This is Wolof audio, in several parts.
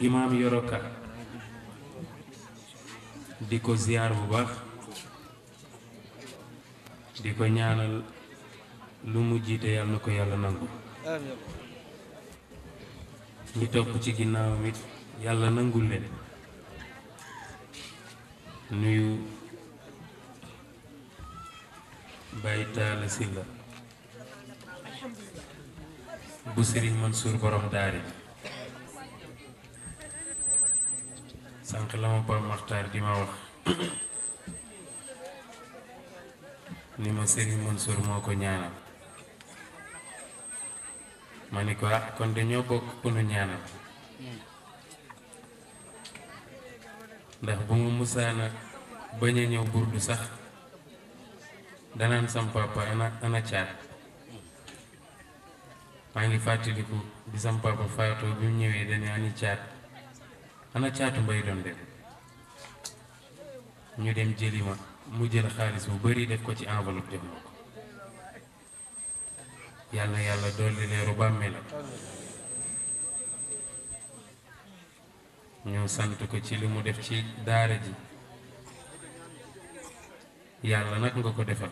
imaam yoroka di ko ziyaar bu baax di ko ñaanal lu mu jiite yàlla na ko yàlla nangu ñi topp ci ginnaawam it yàlla nangul leen nuyu Baye Talla Sylla bu Serigne Mansour borom daari sànq la ma ba di ma wax ni ma Serigne Mansour moo ko ñaanal ma ni ko ah kon dañoo bokk ku nu ñaanal ndax bu ma burdu sax sam papa ana ana chat, maa ngi di sam papa faatoo bi mu dañu ani ana caatu mbay doon dem ñu dem jëli ma mu jël xaalis bu bari def ko ci enveloppe jox ma ko yàlla yàlla dolli leeru bàmmeelam ñu sant ko ci li mu def ci daara ji yàlla nag nga ko defal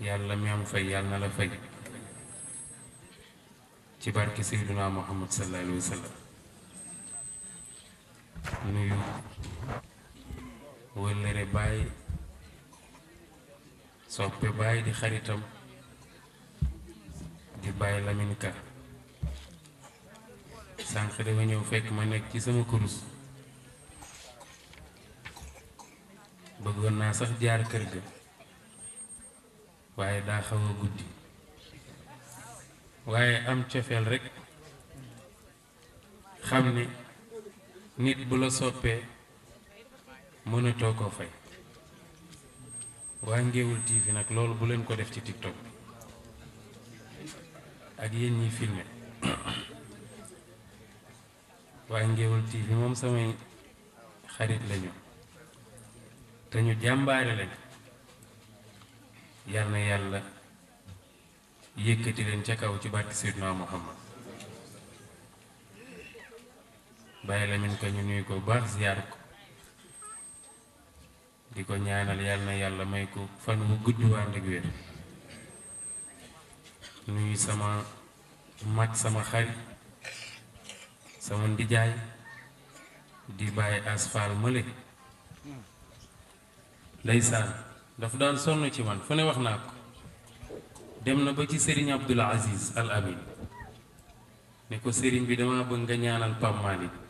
yàlla mi am fay yàlla na la fay ci barke Seydina Muhammad sallallahu alayhi wa nuyu wëllëre bàyyi soppe bàyyi di xaritam di bàyyi Lamine Ka sànq dafa ñëw fekk ma nekk ci sama kurus bëggoon naa sax jaar kër ga waaye daa xaw guddi waaye am cofeel rekk xam ne nit bu la soppee mënatoo koo fay waa Ngéwul TV nag loolu bu leen ko def ci TikTok bi ak yéen ñi filmer waa Ngéwul TV moom samay xarit lañu te ñu jàmbaare lañu yal na yàlla yëkkati leen ca kaw ci barke Seydina Muhammad bàyyi lamin ko ñu nuyu ko bu baax ziyaar ko di ko ñaanal yàlla na yàlla may ko fan mu gudd waa ndeg wér nuyu sama mag sama xarit sama ndijaay di bàyyi asfaal mële ndeysaan daf daan sonn ci man fu ne wax naa ko dem na ba ci sëriñ Abdul Aziz Al ne ko sëriñ bi dama bëgg nga ñaanal Pape Malick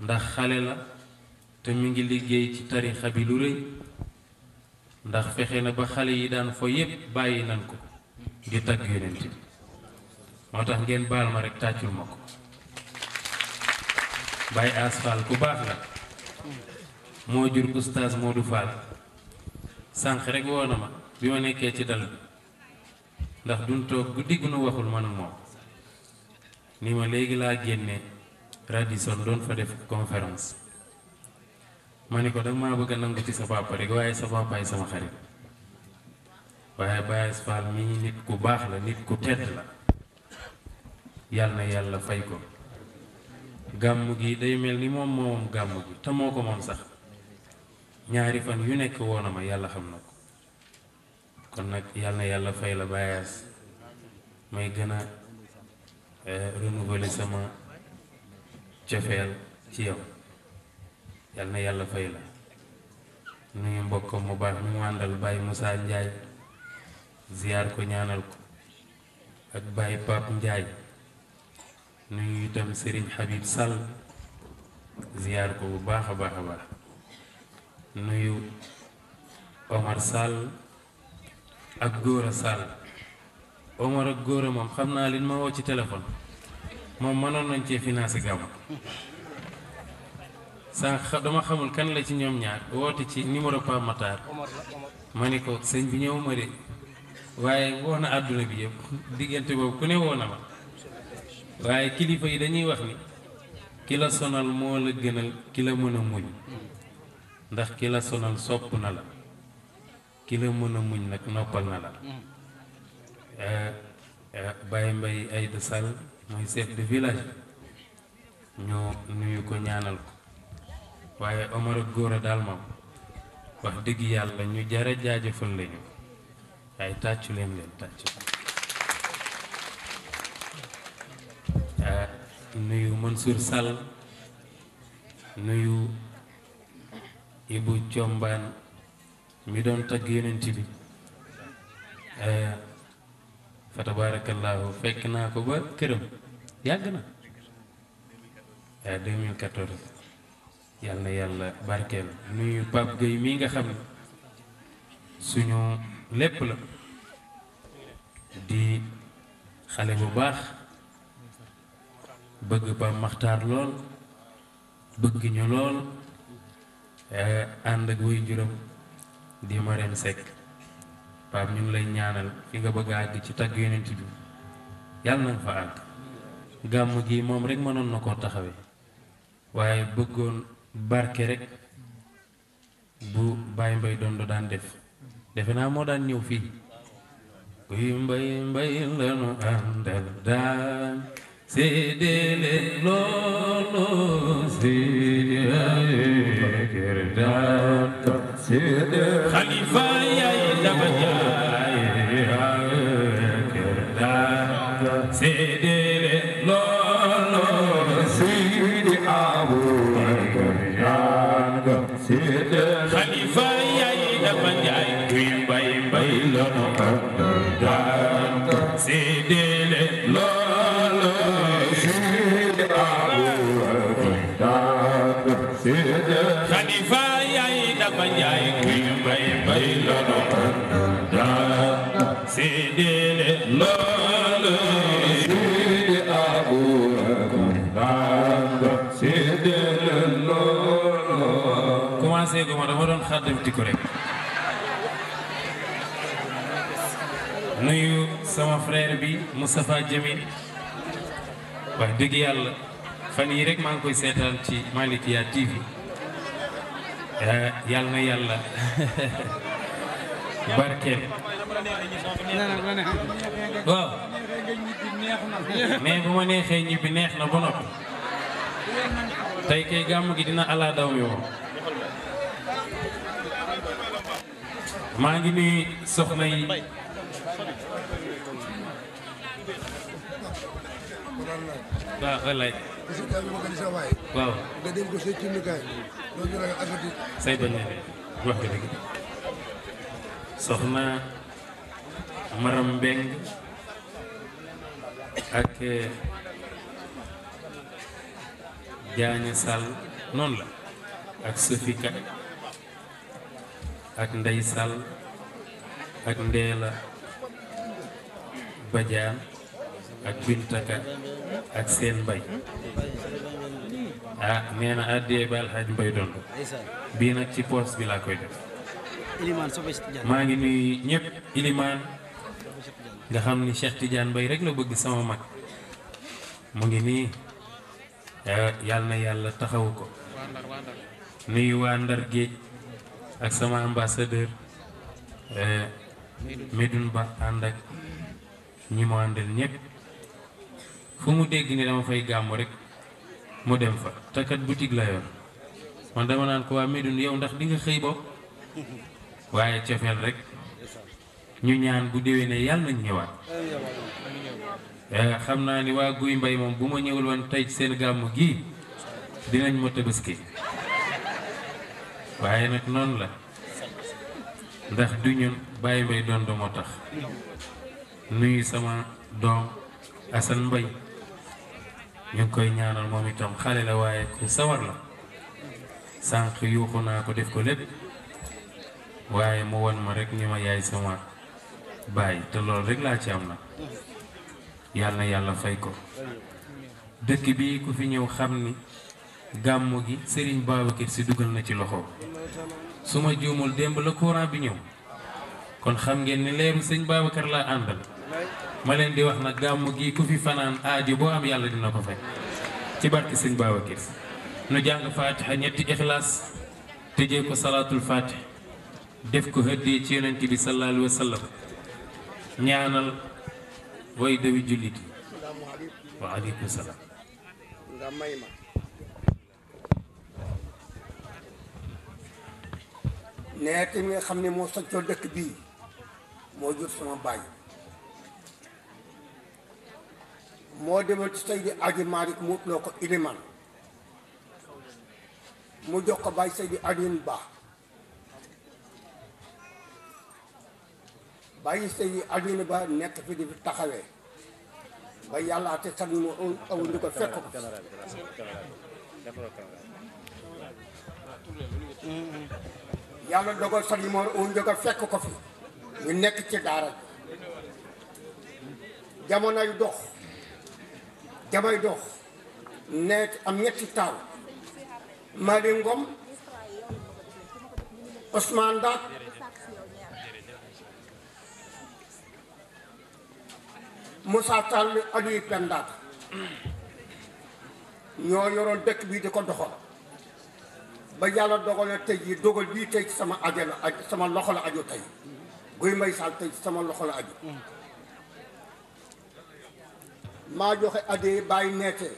ndax xale la te mu ngi liggéey ci tarixa bi lu rëy ndax fexe na ba xale yi daan fo yépp bàyyi nan ko di tagg yonent moo tax ngeen baal ma rek tàccul ma ko Baye Ass Fall ku baax la moo jur oustaz Modou Fall sànq rek woo na ma bi ma nekkee ci dal bi ndax duñ toog guddi gu nu waxul man moom ni ma léegi laa génnee Radisson doon fa def conférence ma ni ko danga ma bëgg nangu ci sa papa rek waaye sa papaay sama xarit waaye Baye Fall mii nit ku baax la nit ku tedd la yàlla na yàlla fay ko gàmm gi day mel ni moom moom gàmm gi te moo ko moom sax ñaari fan yu nekk woon na ma yàlla xam na ko kon nag yàlla na yàlla fay la Baye may gën a eh, sama cofeel ci yow yal na yàlla fay la nuyu mbokkam mu baax mi mu àndal Baye Moussa Ndiaye ziyaar ko ñaanal ko ak Baye Pape Ndiaye nuyu itam sëriñ Habib Sall ziyaar ko bu baax a baax a baax nuyu Omar Sall ak Góora Sall Omar ak Góora moom xam naa leen ma woo ci téléphone moom mënoon nañ cee financé gàmmu sànq dama xamul kan la ci ñoom ñaar woote ci numéro Pa Matar ma ni ko sëñ bi ñëw ma de waaye woo àdduna bi yëpp diggante boobu ku ne woo na ma waaye kilifa yi dañuy wax ni ki la sonal moo la gënal ki la mën a muñ ndax ki la sonal sopp na la ki la mën a muñ nag noppal na la mm. eh, eh, Baye Mbaye Aïda Sall mooy chef de village ñoo nuyu ko ñaanal ko waaye Omar ak Gora daal moom wax dëgg yàlla ñu jara jaajëfal lañu waaye tàccu leen leen tàccu ah, nuyu Mansour Sall nuyu Ibu Combaan mi doon tagg yonent bi ah, fa tabaarakallaahu fekk naa ko ba këram yàgg ya Ya 2014 yal na yàlla barkeel nuyu Pape Gueye mii nga xam ne suñu lépp la di xale bu baax bëgg Pape Makhtar lool bëgg ñu lool ànd ak way juróom di Marème Seck Pape ñu ngi lay ñaanal fi nga bëgg a ci tagg yonent bi yàlla na fa àgg gàmm gi moom rekk mënoon na ko taxawe waaye bëggoon barke rekk bu Baye Mbaye doon daan def defe naa moo daan ñëw fii kuy mbay mbay lanu àndal daan séedee loolu séedee kër daan séedee xalifa yaay dama jaar xaddamti ko rek nuyu sama frère bi Moustapha Jamil wax dëgg yàlla fan yii rek maa ngi koy seetaan ci Malikia TV eh, yàlla na yàlla barkeel waaw neexee ñibbi neex na ba noppi tey kay gàmm gi dina ala mi moom Mandi ngi nuyu soxna yi waaw wallaay waaw nga dem ko sa maram ak jaaña eh, sall non la ak sofi ak ndeysal ak ndela Badiane ak bintaka ak sen bay ah neena adde bal haj alxaaj mbay dond bii nag ci poste bi la koy def maa ngi nuyu ñëpp iliman nga xamni Cheikh Tidiane bay rek la bëgg sama mak mo ngi ni ah, yàlla yalla yàlla ko nuyu wandar geej ak sama ambassadeur eh, Medoune Ba ànd ak ñi mu àndal ñëpp fu mu dégg ni dama fay gàmmu rek mu dem fa takat boutique la yoon man dama naan ko waa Medoune yow ndax di nga xëy bopp waaye cofeel rek ñu ñaan bu déwee ne yàlla nañ ñëwaat eh, xam naa ni waa guy mbay moom bu ma ñëwul woon tey seen gàmmu gii dinañ ma tabaski waaye nag noonu la ndax du ñun bàyyi mbay doon do tax nuyu sama doom Assane Mbay ñu ngi koy ñaanal moom itam xale la waaye ku sawar la sànq yuuxu naa ko def ko lépp waaye mu won ma rek ni ma yaay sama bàyyi te loolu rek laa ci am na yàlla na yàlla fay ko dëkk bi ku fi ñëw xam ni gàmmu gi Serigne Babacar Sy dugal na ci loxo suma jumul demb la courant bi ñew kon xam ngeen ni leeru sëñ babakar la andal ma leen di wax nag gamu gi ku fi fanan aaji bo am yalla dina ko fay ci barki sëñ babakar nu jang fatiha ñetti ko salatul fatih def ko hëddee ci yenenti bi sallallahu alaihi wasallam ñaanal way dewi wa nga nekk mi nga xam ne moo soccoo dëkk bii moo jur sama baay moo demal ci Seydi Aji Malick mu utloo ko iliman mu jox ko baay Seydi Alioune Ba bàyyi Seydi Alioune Ba nekk fi di fi taxawee ba yàlla te sax mu aw ndi ko fekk ko fi yàlla dogal Sëñ Mor oo njëkk a fekk ko fi ñu nekk ci daara jamonoy dox jamay dox nekk am ñetti taaw Mali Ngom Ousmane Daak Moussa Tall Aliou Pendaat ñoo yoroon dëkk bi di ko doxal ba yàlla dogal tey jii dogal bii tey ci sama ajo la aju sama loxo la aju tey Guy Marius Sagna tey sama loxo la aju maa joxe adde bàyyi neete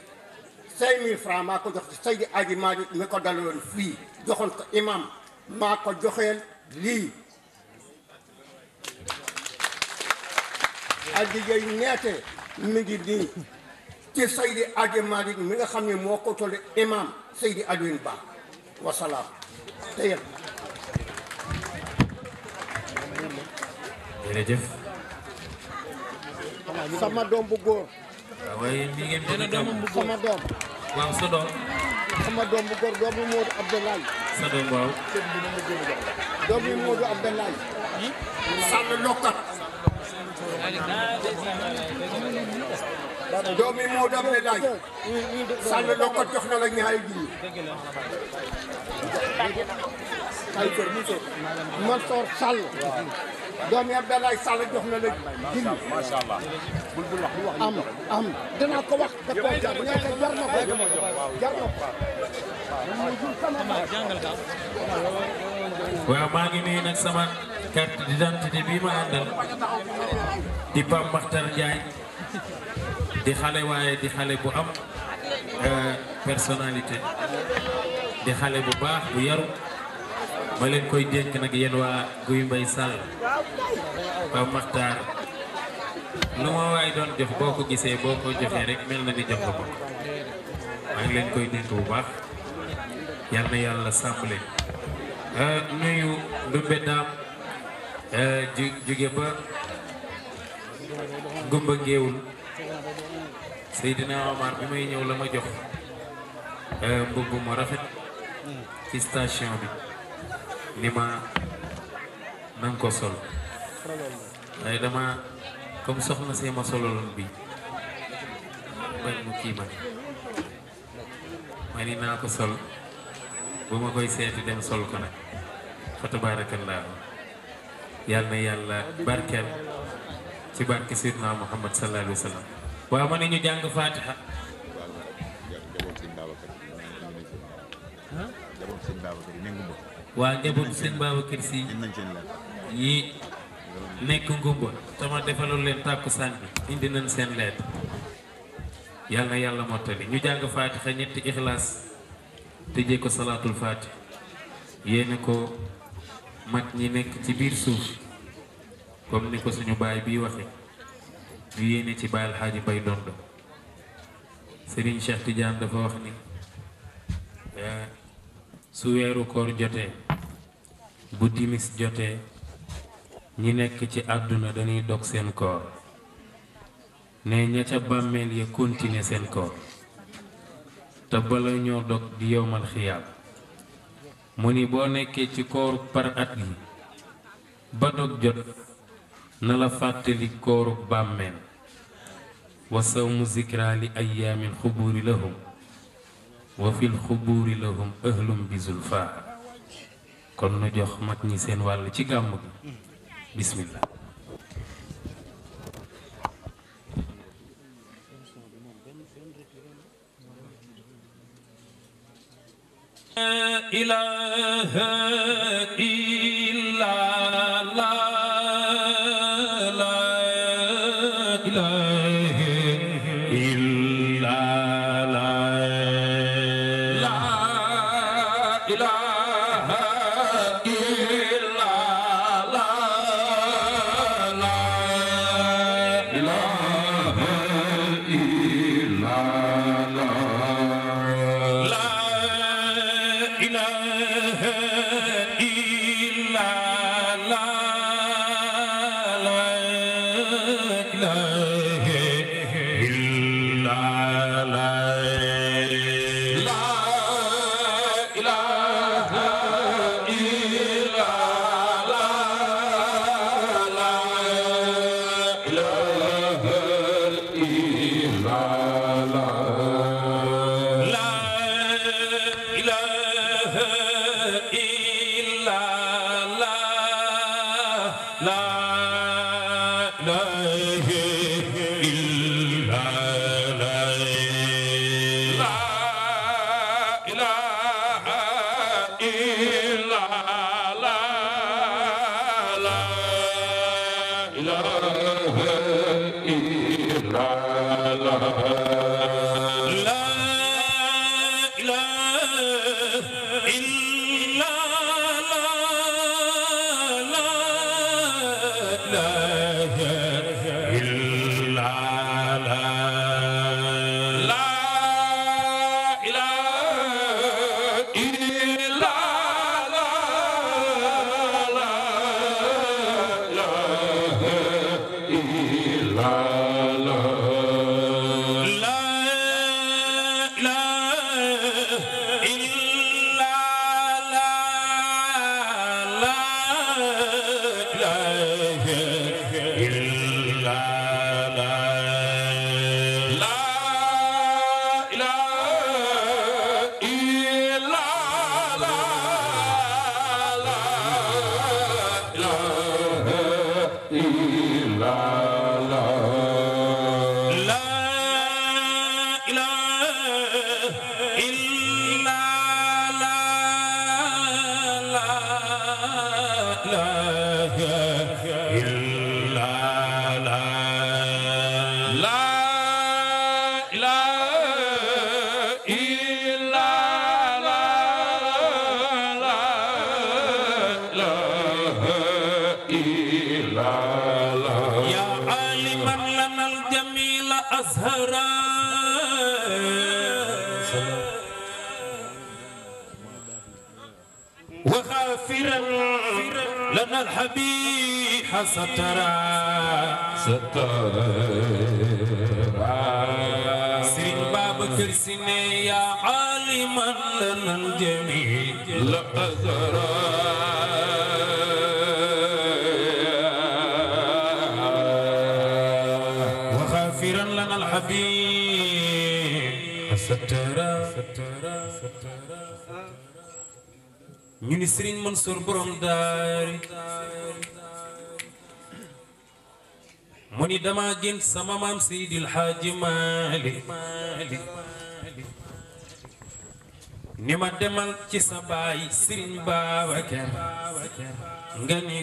cinq mille francs maa ko jox ci Seydi Aji Maalik mi ko daloon joxoon ko imam maa ko joxeel lii addi jay neete mi ngi nii ci Seydi Aji Maalik mi nga xam ne moo ko tolle imam Seydi Alioune Ba wasalaam te yéen. jërëjëf. sama doom bu góor. waaye ah mi ngeen bëgg doom sama doom. waaw sa doom. sama doom bu góor doomu Modou Abdoulaye. sa doom waaw. doomu Modou Abdoulaye. sànni doomi moo dam ne laaj sànn lokot jox na la ñaari junni Kaliphone Mansour Mansour Sall doomi Abdoulaye Sall jox na la junni macha Allah am am danaa ko wax da ko jar na ko jar na ko jar na ko waaw maa ngi nii nag sama carte d'identité bi ma àndal di Pape Makhtar Ndiaye di xale waaye di xale bu am euh, personnalité di xale bu baax bu yaru ma leen koy dénk nag yéen waa Guy Mbaye Sall ba Maxtaar lu ma waay doon jox boo ko gisee boo ko joxee rek mel na ni jox ko maa ngi leen koy dénk bu baax yal yàlla sàmm leen euh, nuyu Ndumbe euh, ju jóge ba Gumba Ngéewul Seydina Omar bi may ñëw la ma jox euh, mbubb mu rafet ci station bi ni ma nanga ko sol waaye dama comme soxna see ma sololoon bi ma ni naa ko sol bu ma koy seeti dem sol ko nag fa tabaarakallaahu yàlla na yàlla barkeel ci barke Seydina Muhammad sallallahu alayhi waaw ma ne ñu jàng fatiha waa njaboot seen Babacar Si yi nekk ngumba tama defaloon leen tàkkusaan bi indi nañ seen leet yàlla na yàlla mottali ñu jàng fatiha ñetti ixlaas tëjee ko salaatul fatiha yéene ko mag ñi nekk ci biir suuf comme ni ko suñu baay bii waxe ñu yéene ci Baye Alxaaji Bay Dondo Serigne Cheikh Tidiane dafa wax ni eh, su weeru koor jotee bu timis jotee ñi nekk ci àdduna dañuy dog seen koor ne ña ca bàmmeel ya continuer seen koor te bala ñoo dog di yowmal xiyaam mu ni boo nekkee ci koor par at gi ba dog jot نلفاتلي كورك بامن وصوم ذكرى لأيام الخبور لهم وفي الخبور لهم أهل بزلفاء كن نجوخ مكني سين والي تيغامك بسم الله لا إله إلا الله سترا سترا سرين باب كرسيني يا عالما لنا الجميع لا أزرار ñu ni Serigne Mansour borom daari mu dama gént sama mam Seydil Xaaji Maalik ni ma demal ci sa baay Sëriñ Babacar nga ni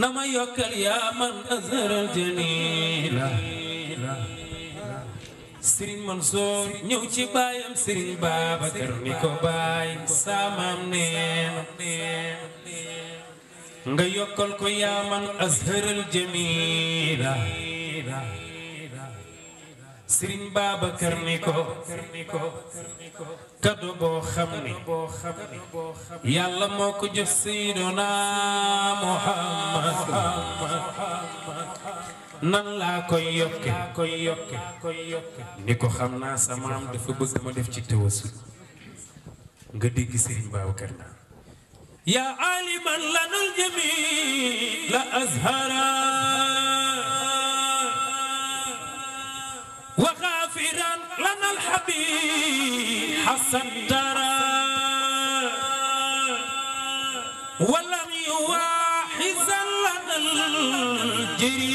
na ma yaa man azharal janiila Sëriñ Mansoor ñëw ci baayam Sëriñ Babacar ni ko baay saamaam nga yokkal ko yaa man azharal jamila sëriñ Babacar ni ko kado boo xam ni yàlla moo ko jox sayyiduna Muhammad nan laa koy yokke koy yokke ni ko xam naa sa maam dafa bëgg ma def ci tëwasul nga dégg sëriñ Babacar naa يا عالما لنا الجميع أزهرا وغافرا لنا الحبيب حسن درا ولم يواحزا لنا الجريء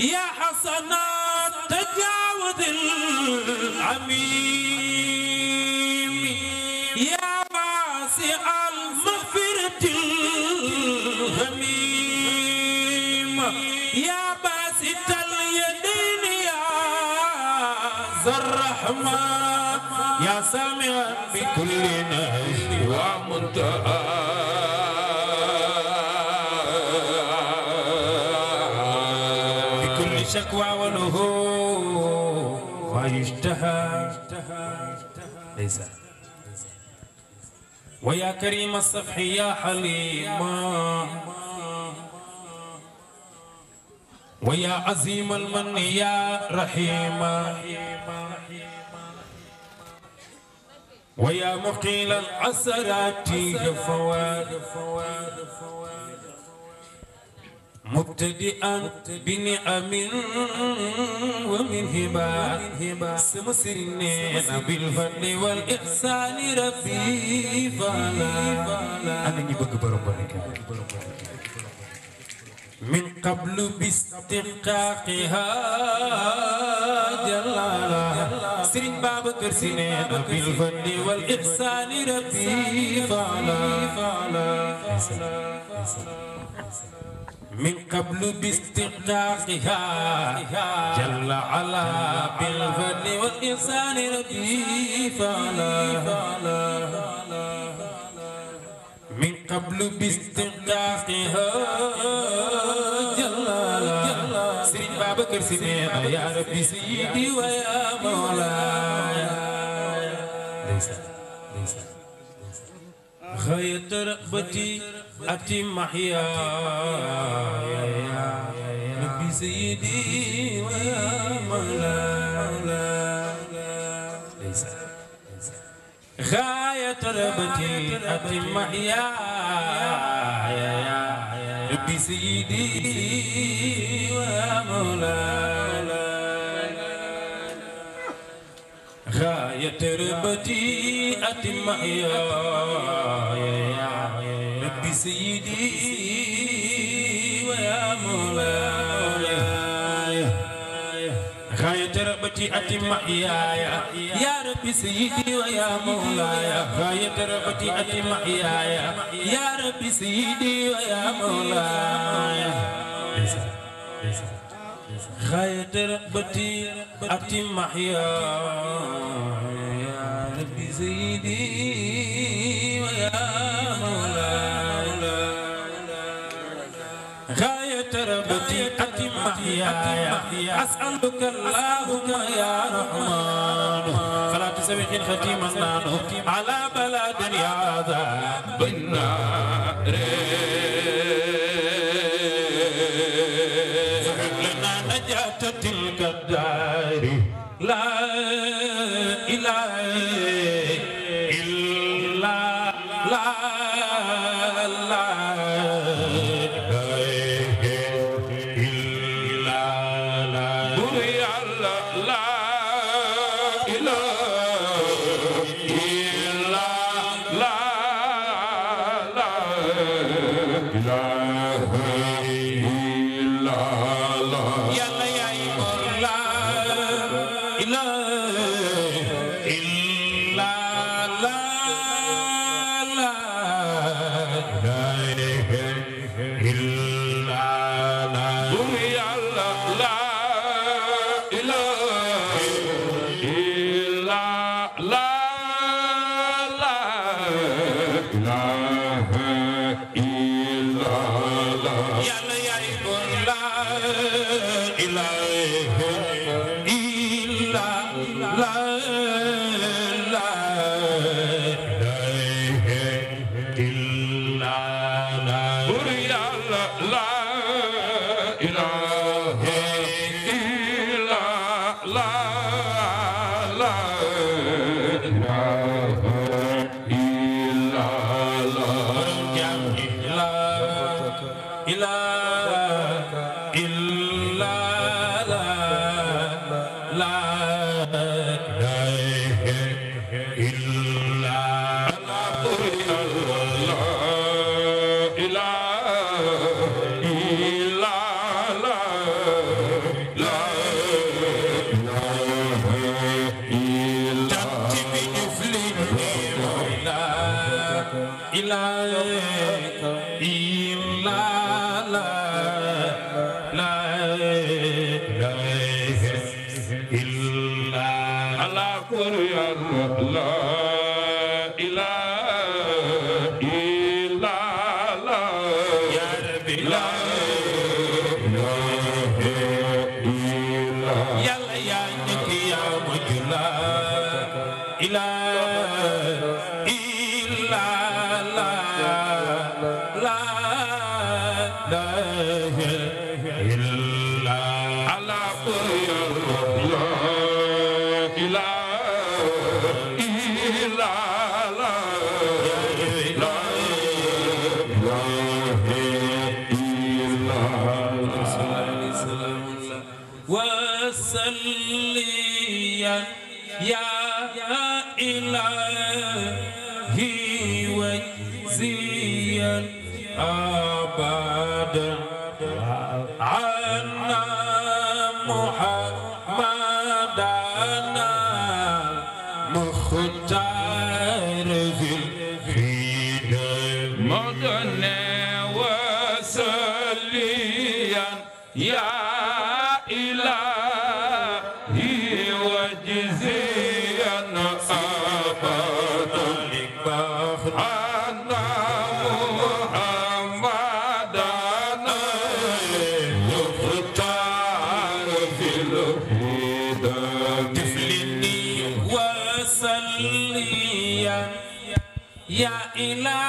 يا حسنات تجاوز العميم يا واسع المغفرة الهميم يا باسط اليدين يا ذا الرحمة يا سامع بكل نهج ومنتهى ويا كريم الصفح يا حليما ويا عظيم المن يا رحيما ويا مقيل العسرات فواد فواد فواد مبتدئا بنعم ومن هبة سمسرنا بالفضل والإحسان ربي فانا أنا نبغى بربنا من قبل باستحقاقها جلالا سرين باب كرسينا بالفضل والإحسان ربي فانا من قبل باستغناقها جل على بالفن والإنسان ربي فلا من قبل باستغناقها جل على سيد بابكر سنينا يا ربي سيدي ويا مولاي ليس ليس غاية رغبتي أتم محياي ربي سيدي ويا مولاي غاية ربتي أتي محيا ربي سيدي ويا مولاي غاية ربتي أتي محيا سيدي ويا مولاي غاية رغبتي أتم إياي يا ربي سيدي ويا مولاي غاية رغبتي أتم إياي يا ربي سيدي ويا مولاي غاية رغبتي أتم إياي يا ربي سيدي ويا مولاي طريقة محياي أسألك اللهم يا رحمن فلا تسوي ختيما على بلاد يا ذا Ya Ilah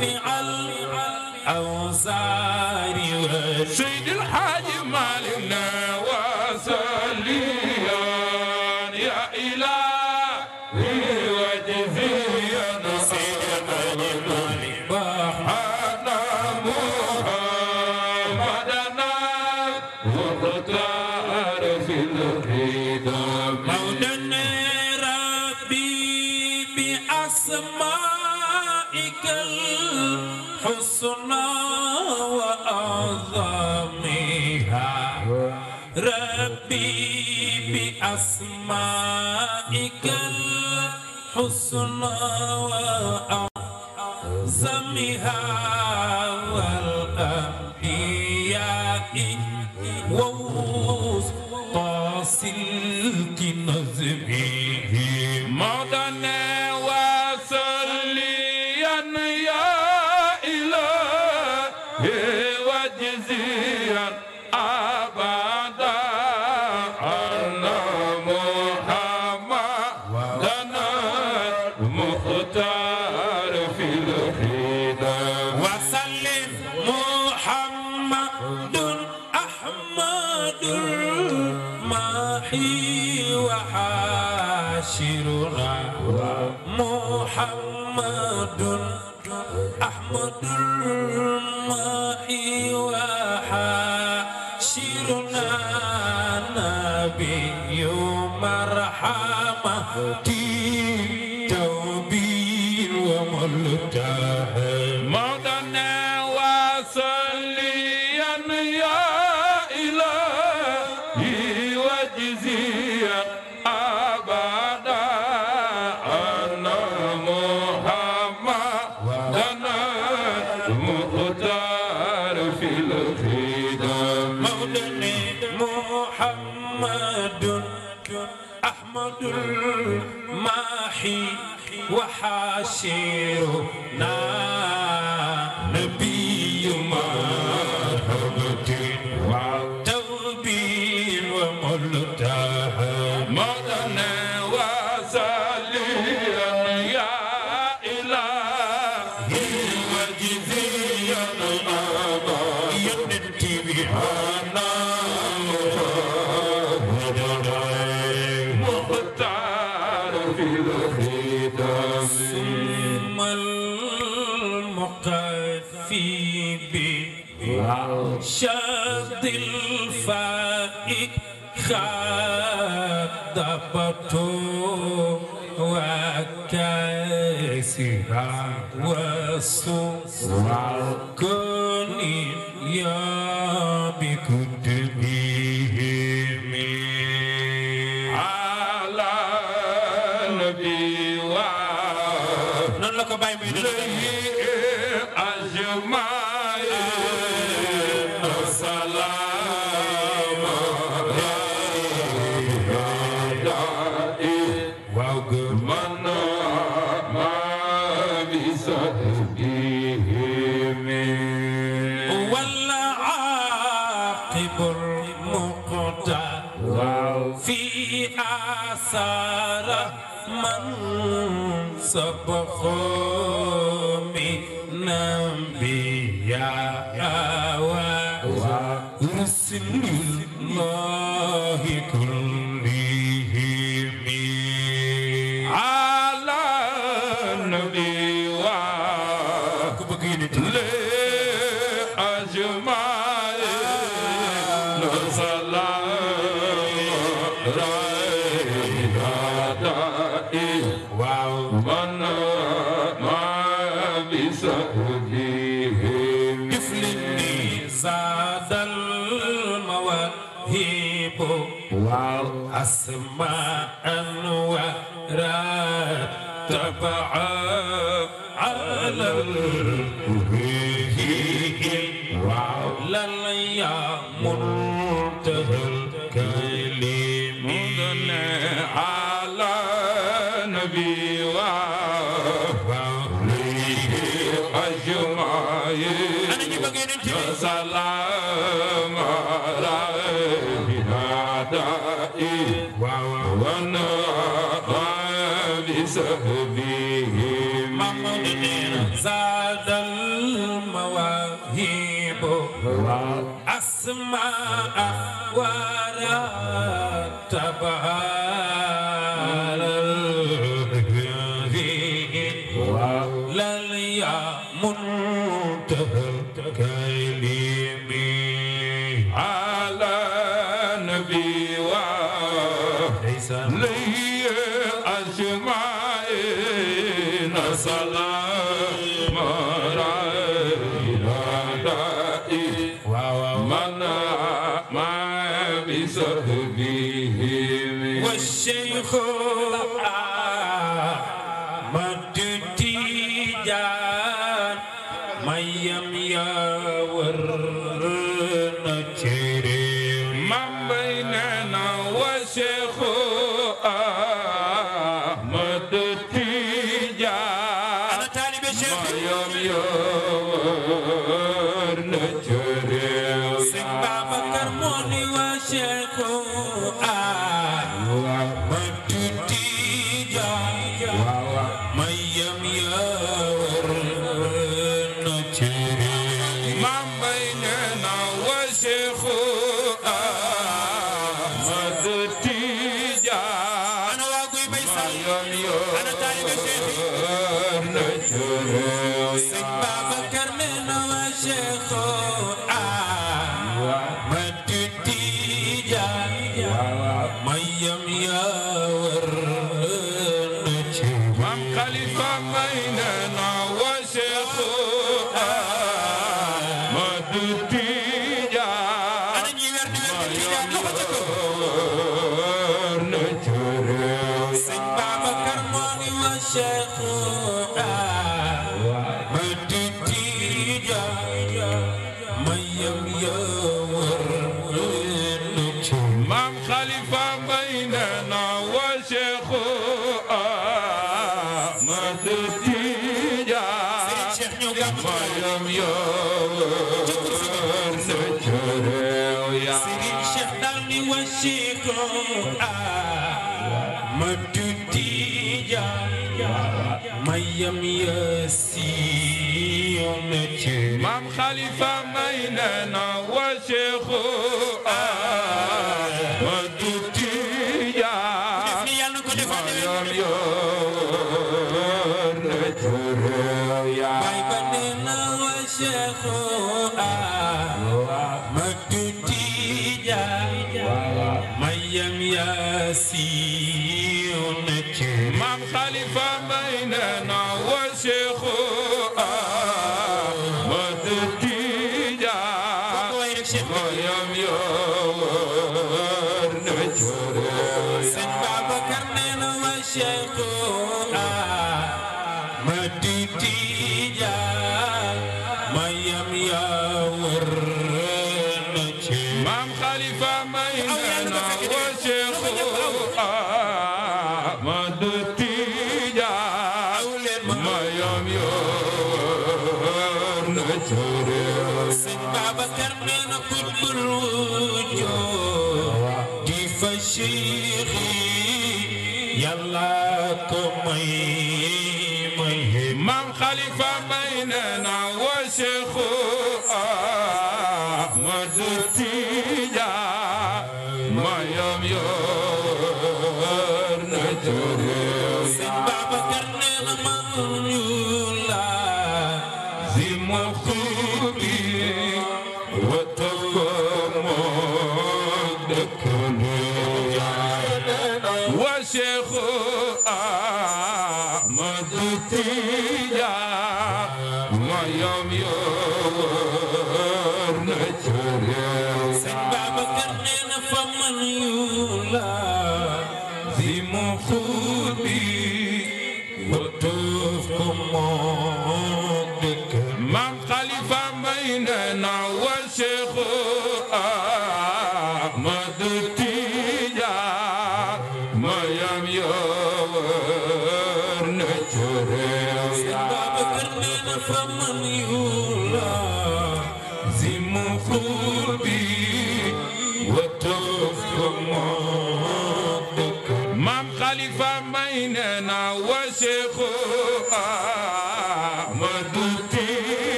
علي الأوصار وسيد الحال أسمائك الحسنى وأعظمها parceiro Wow. أسماء انوار تبعا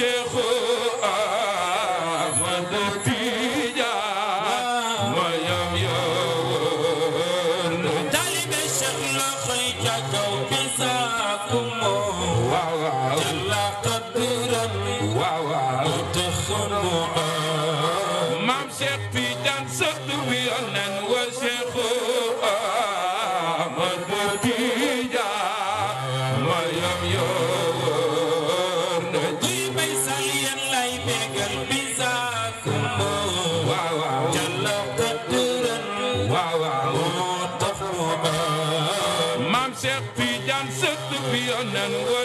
Chegou Hallelujah.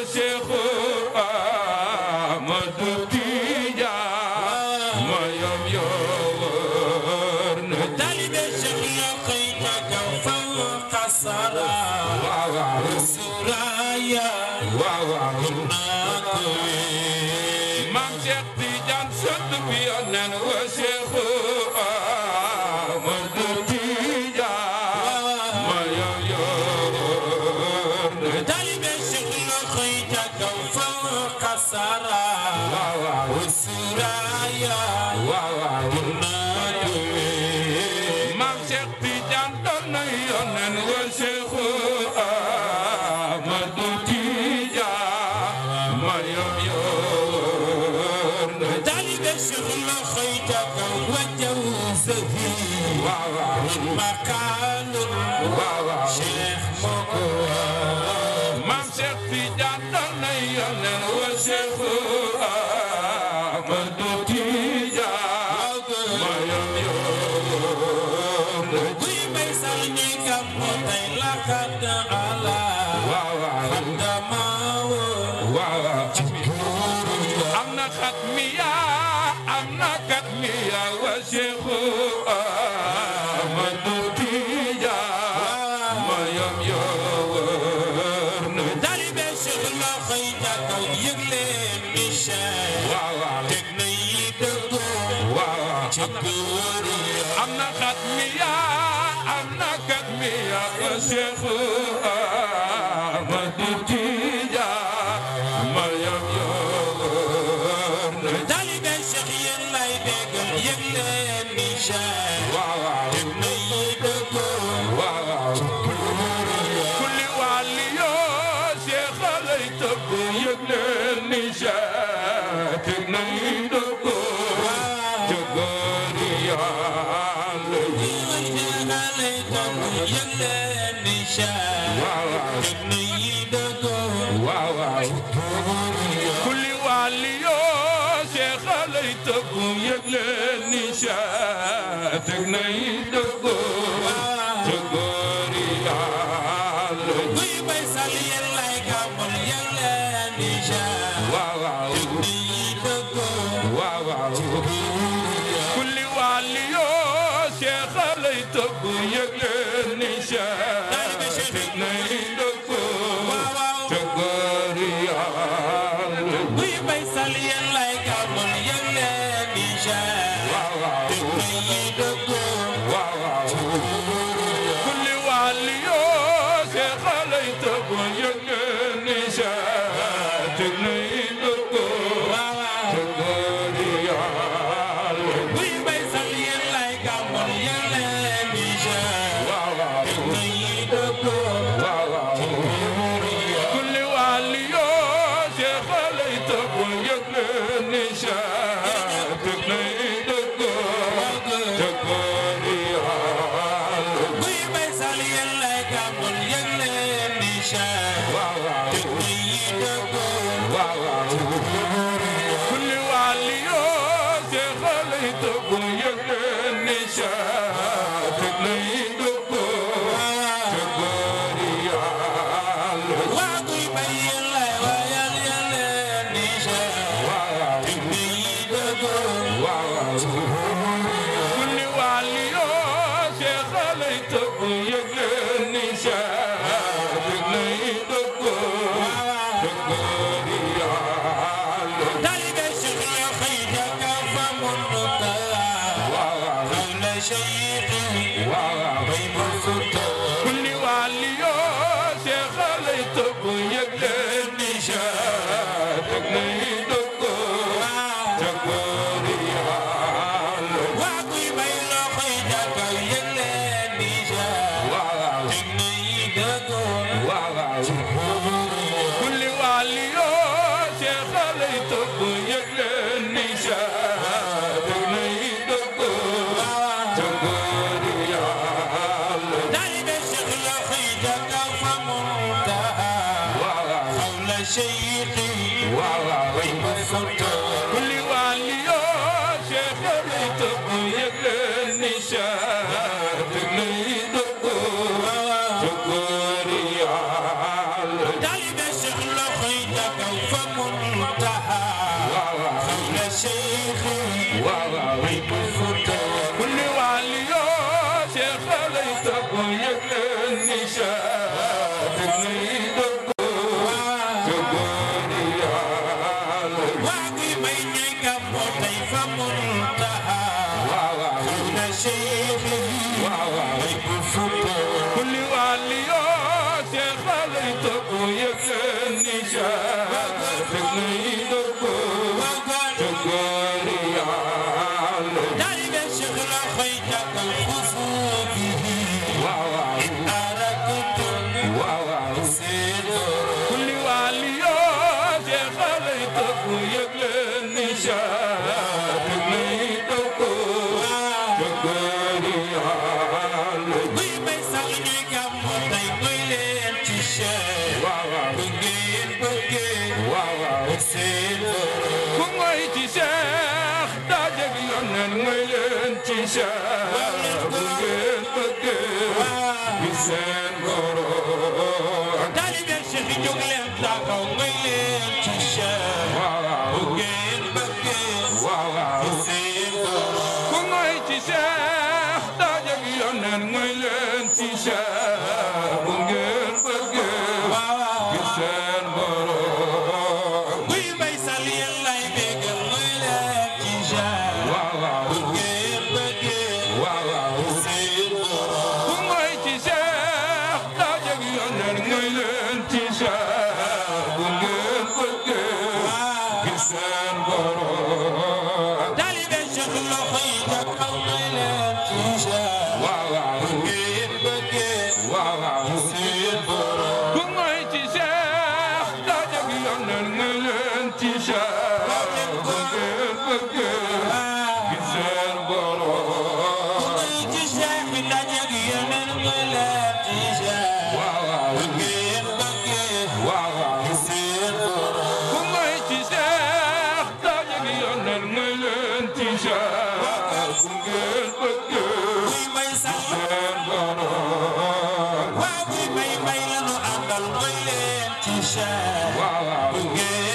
sunshine. Wow, wow.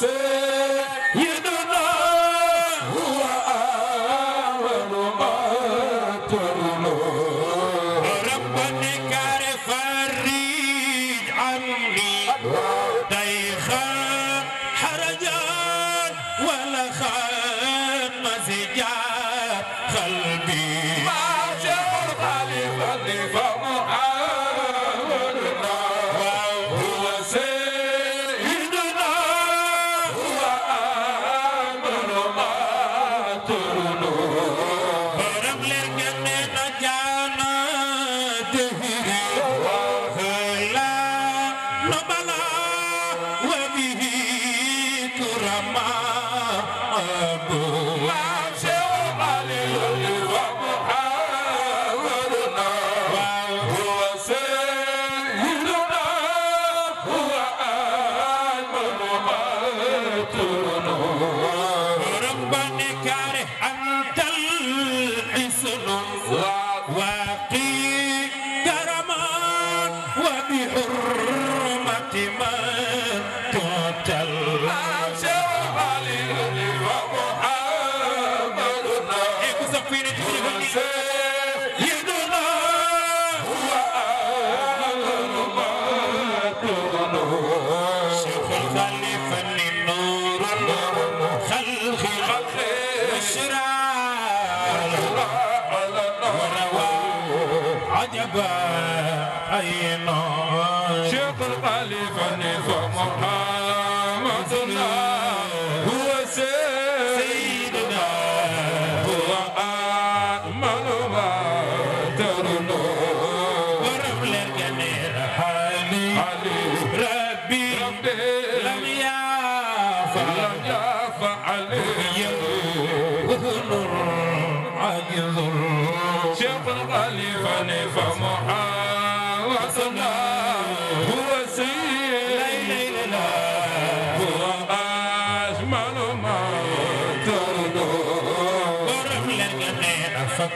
C'est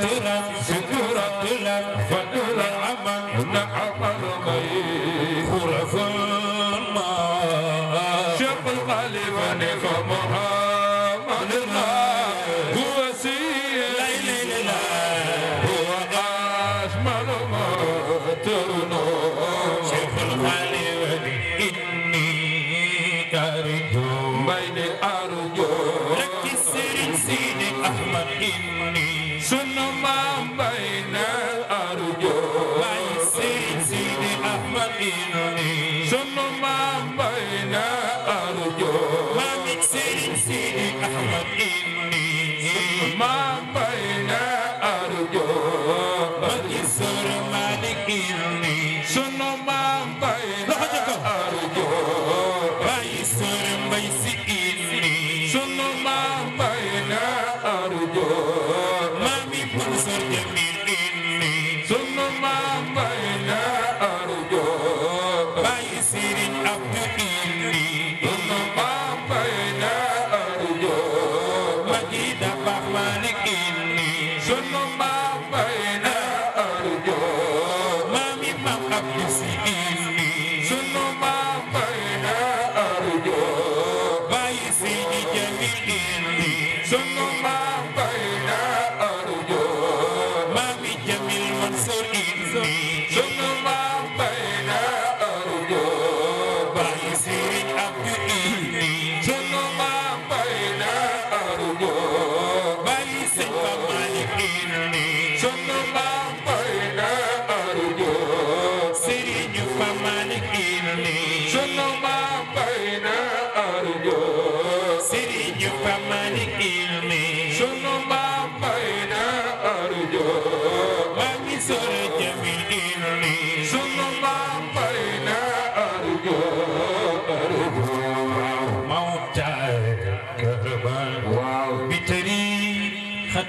فتورا فتورا عمن نعم المي خرفا in me.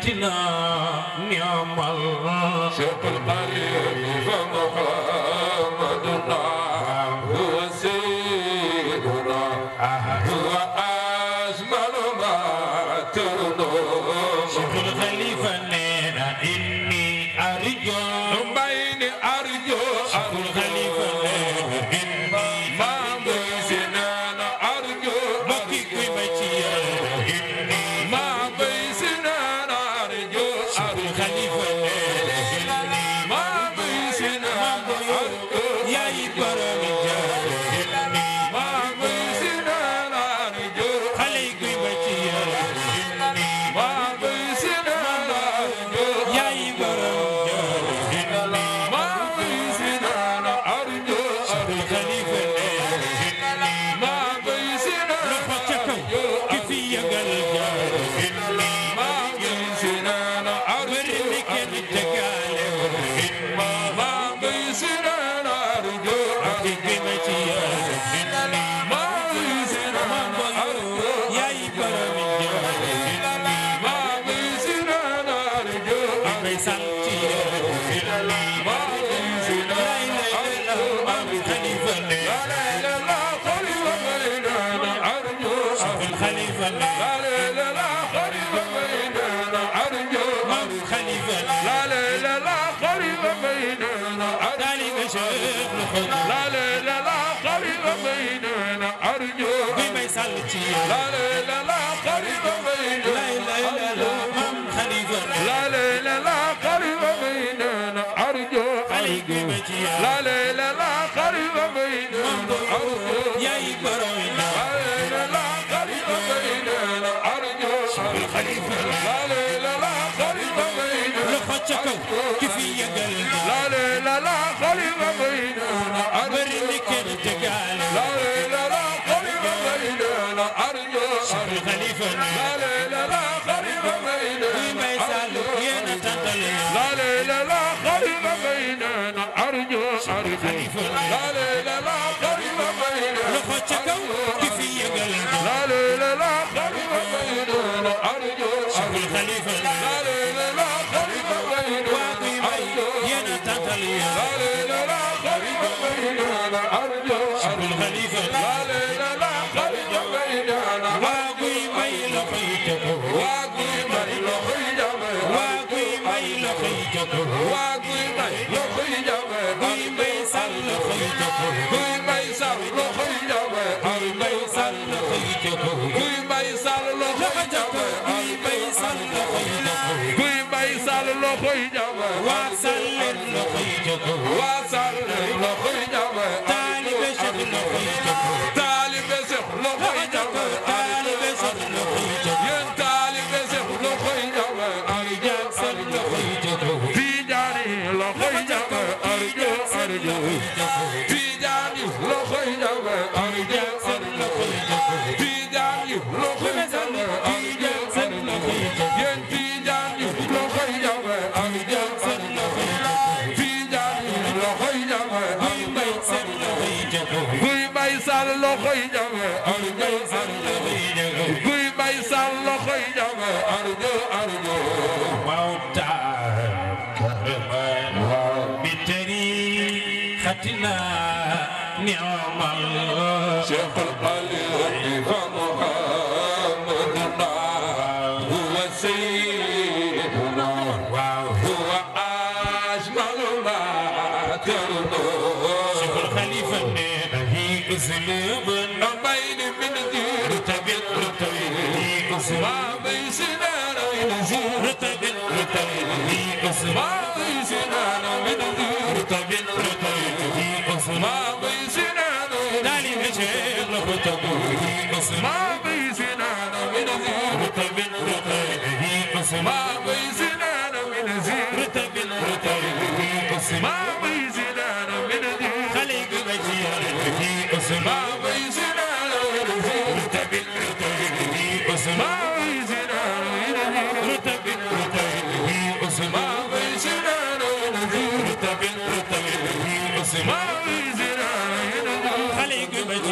Ya Allah, Ya Allah, Ya Allah, لا لا لا لا قريب بيننا أرجو لا لا لا لا قريب بيننا أرجو لا لا لا لا قريب بيننا أرجو لا لا لا لا قريب بيننا أرجو يا إبراهيم لا لا لا قريب بيننا أرجو لا لا ca kaw ki fi yëngal la la la xalifa baydana bari ni kenn tegaale la la la xalifa baydana arjo xalifa la la la xalifa baydana muy may sàllu yéen a tàntale la la la xalifa baydana arjo xalifa la la la xalifa baydana loxo ca kaw ki fi yëngal la la la xalifa baydana arjo xalifa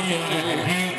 Yeah.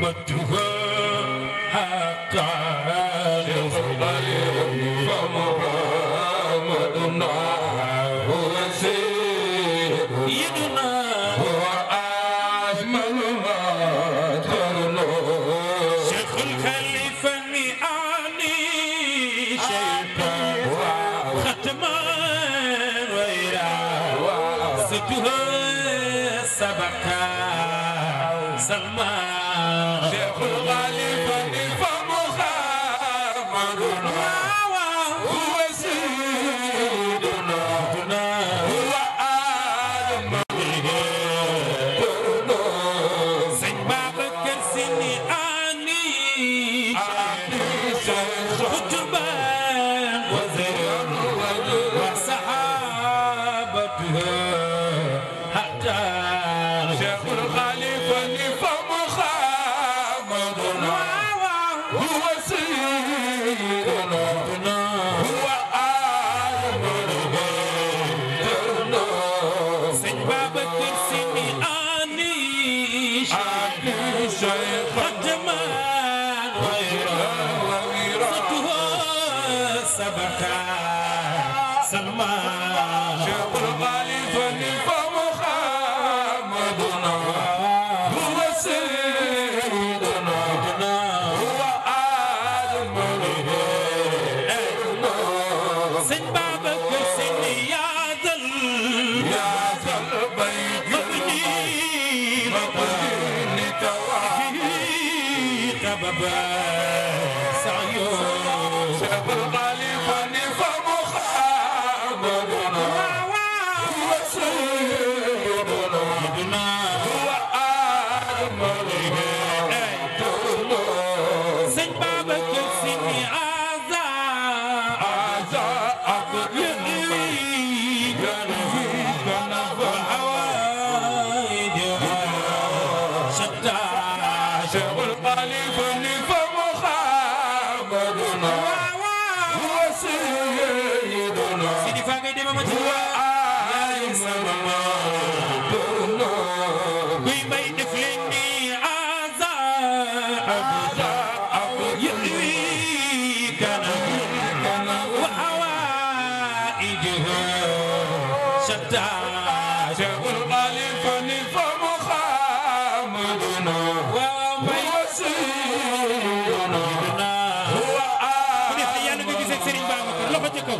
But to her.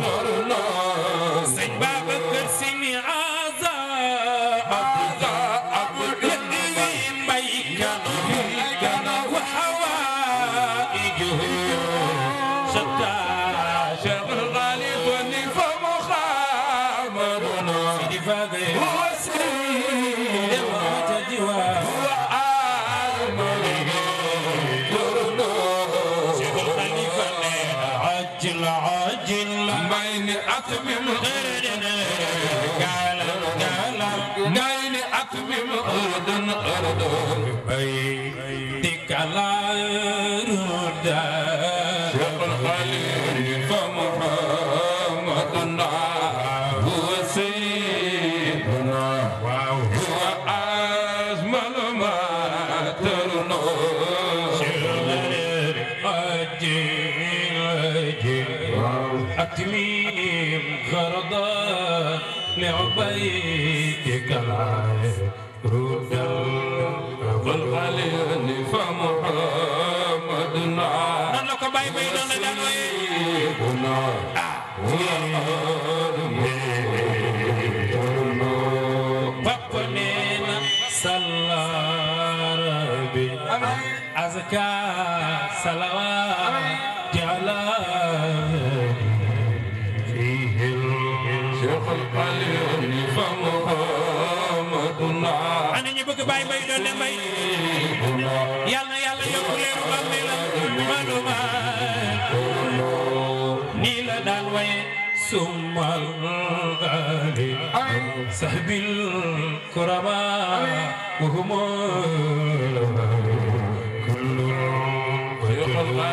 Shut up. bay bay doon ne may yal na yàlla yokk leeru ba melam maluma nii la daan waye summal ali sahbil kurama wa humul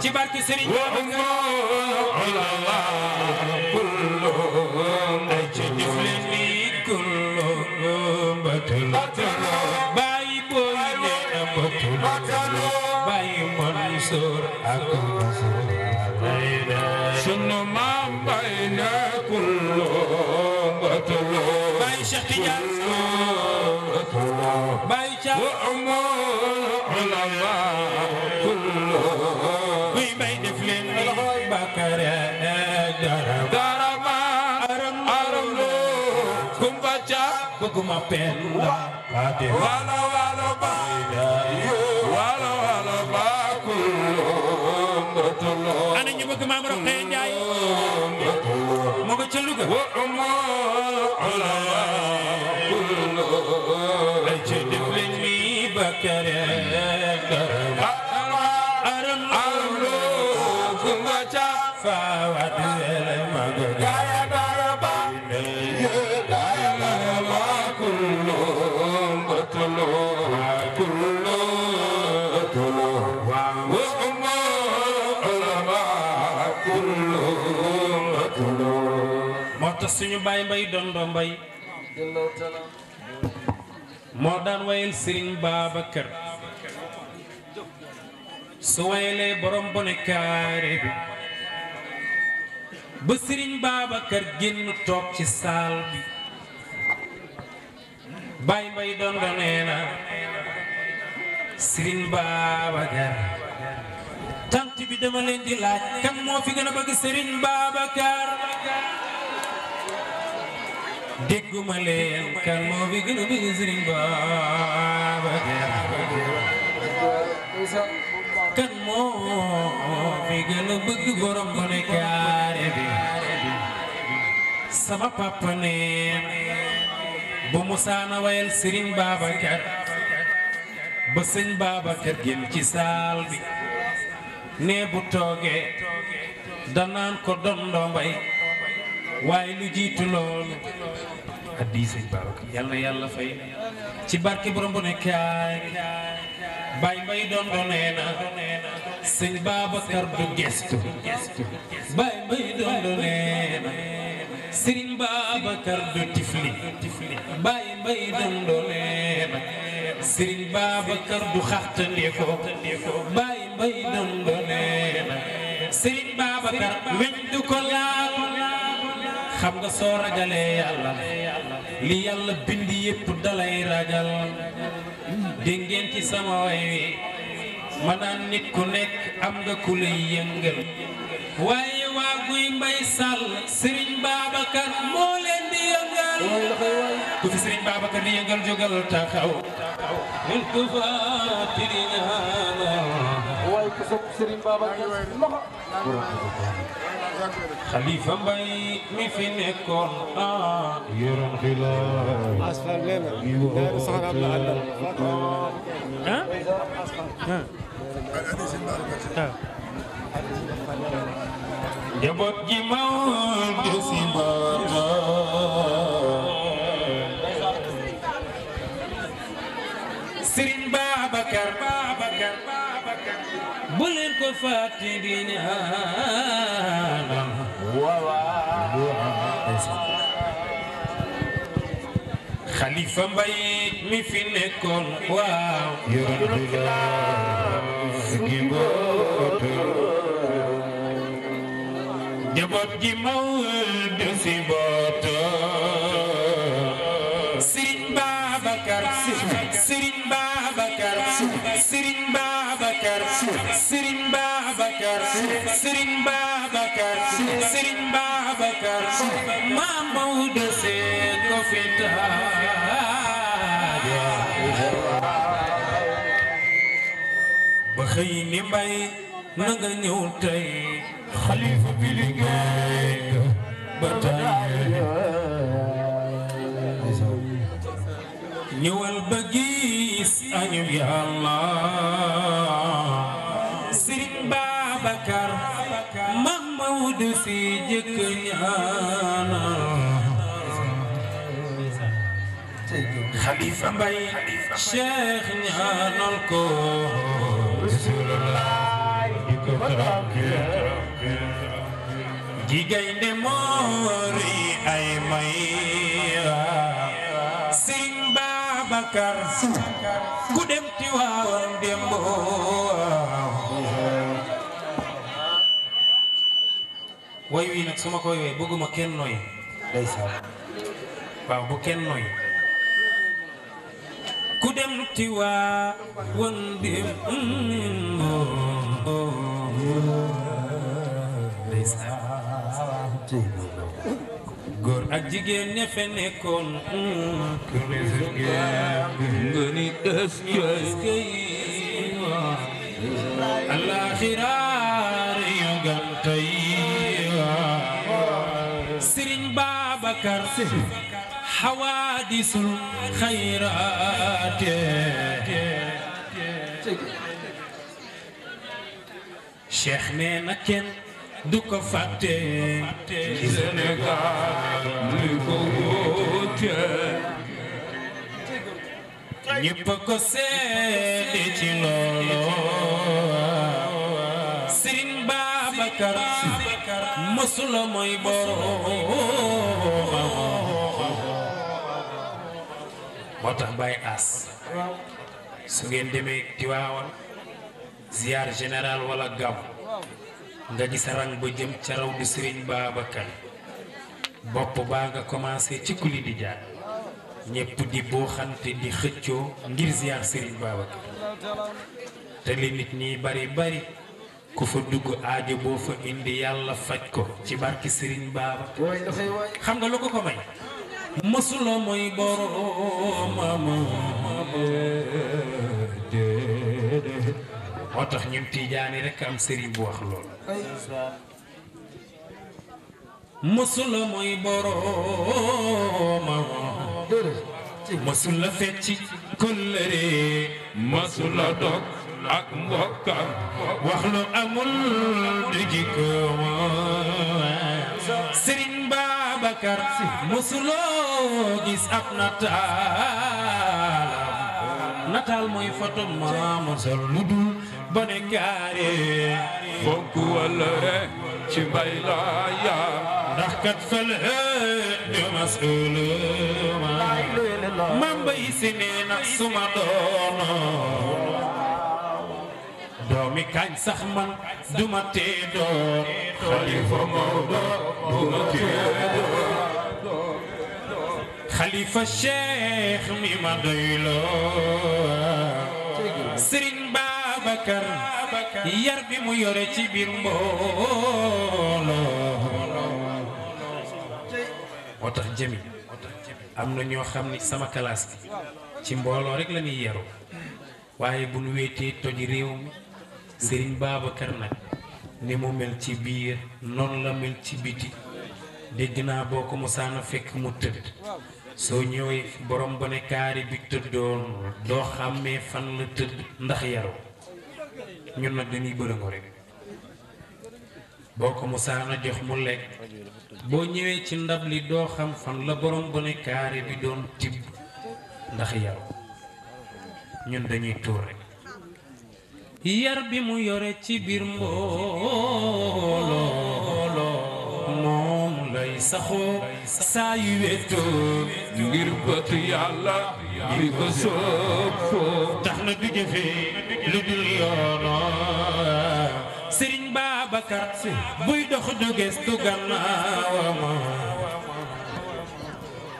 ci barke Serigne mapenda wala wala ba wala wala ba ana ñu bëgg maam Rokhaya Njaay mu nga ca Louga wa umma ala ay ci def leen mi bakare mbay moo daan wayel sëriñ Babacar su wayelee borom bone kaare bi ba sëriñ Babacar génn toog ci saal bi bay mbay doon nga nee na bi dama leen di laaj kan moo fi gën a bëgg sëriñ Babacar dégguma leen kan moo fi gën bëgg borom bu ne sama papa bu musaana wayal Sëriñ Babacar ba sëñ Babacar génn ci saal bi ne bu toogee danaan ko dondoo waaye lu jiitu loolu addi sëñ Babacar yal na yàlla fay ci barke borom bu ne kaay bay mbay doon doonee na sëñ Babacar du gestu bay mbay doon doonee na sëriñ Babacar du tifli bay mbay doon doonee na sëriñ Babacar du xaxtandeeko bay mbay doon doonee na sëriñ Babacar weñ du ko laal xam nga soo ragalee yàlla li yàlla bind yépp dalay ragal dégg ci sama way wi ma nit ku nekk am nga ku lay yëngal waaye waa guy mbay sàll sëriñ Babacar moo leen di yëngal ku fi sëriñ Babacar di yëngal jógal taxaw nit ku faatiri naana xalifa mbay mi fi nekkoon ah yoroon xilaaf. asfaal nee na Daaru Salaam la àndal. ah ah. ah. njaboot ji maam desi baata. Serigne Babacar. bu leen ko fàtte di ñaanal xalifa mbay mi fi nekkoon waaw yoroon bi la gi mbootu njaboot gi mawl du si boot Serigne Babacar Serigne Babacar Maam Maodo seen ko fi ba xëy ni mbay na nga ñëw tey xalifa bi liggéey ba tey ñëwal ba gis añu yàlla Bakar Mahmoud si jëkkër ñaanal Khalifa Sheikh nyana ko Rasulullah ay may Serigne bakar, ku dembo woy wii nag su ma koy woy bëgguma kenn noy ndeysaan waaw bu kenn noy ku dem ti waa won dem góor ak jigéen ña fe nekkoon ngëni ëskay alaxira فكر حوادث الخيرات شيخ نينا كن دوكو فاتي سنغال لكوتي ñépp ko seede ci loolu Serigne Babacar mësula mooy boroom moo tax Baye As su ngeen demee Tiwaawan ziar général walla gam nga gis rang ba jëm ca raw du Serigne Babacar bopp baa nga commencé ci kuli di jaar ñëpp di booxante di xëccoo ngir ziar Serigne Babacar te li nit ñi bari bari ku fa dugg aajo boo fa indi yàlla faj ko ci barki Serigne Babacar xam nga lu ko ko may. mësula mooy boroomam moo tax ñun tiijaani rekk am sëriñ bu wax loolu mësula mooy boroomam mësula fecc kóllëre mësula ak mbokkam wax lu amul digi ko Bakar musuloo gis ab nataal nataal mooy foto maama sol lu fokk wala ci mbay laa kat fël du masuulu ma mbay si nee na suma doono mi kañ sax man duma yar bi mu yore ci biir mbooloo moo tax jëmi am na ñoo xam ni sama classe bi ci mbooloo rek la ñuy waaye bu nu wéetee toj réew mi sëriñ Babacar nag ni mu mel ci biir noonu la mel ci biti dégg naa boo ko musaana fekk mu tëdd soo ñëwee borom bone ne kaari bi tëddoon doo xàmmee fan la tëdd ndax yaru ñun nag dañuy bërëngu rek boo ko musaana jox mu lekk boo ñëwee ci ndab li doo xam fan la borom ba ne kaari bi doon tibb ndax yaru ñun dañuy tuur yar bi mu yore ci biir mbooloo moom lay saxoo saa yu wéetoo ngir bët yàlla bi ko soppoo tax na du jëfe lu dul yoonoo Sëriñ Babacar buy dox du gestu gannaawam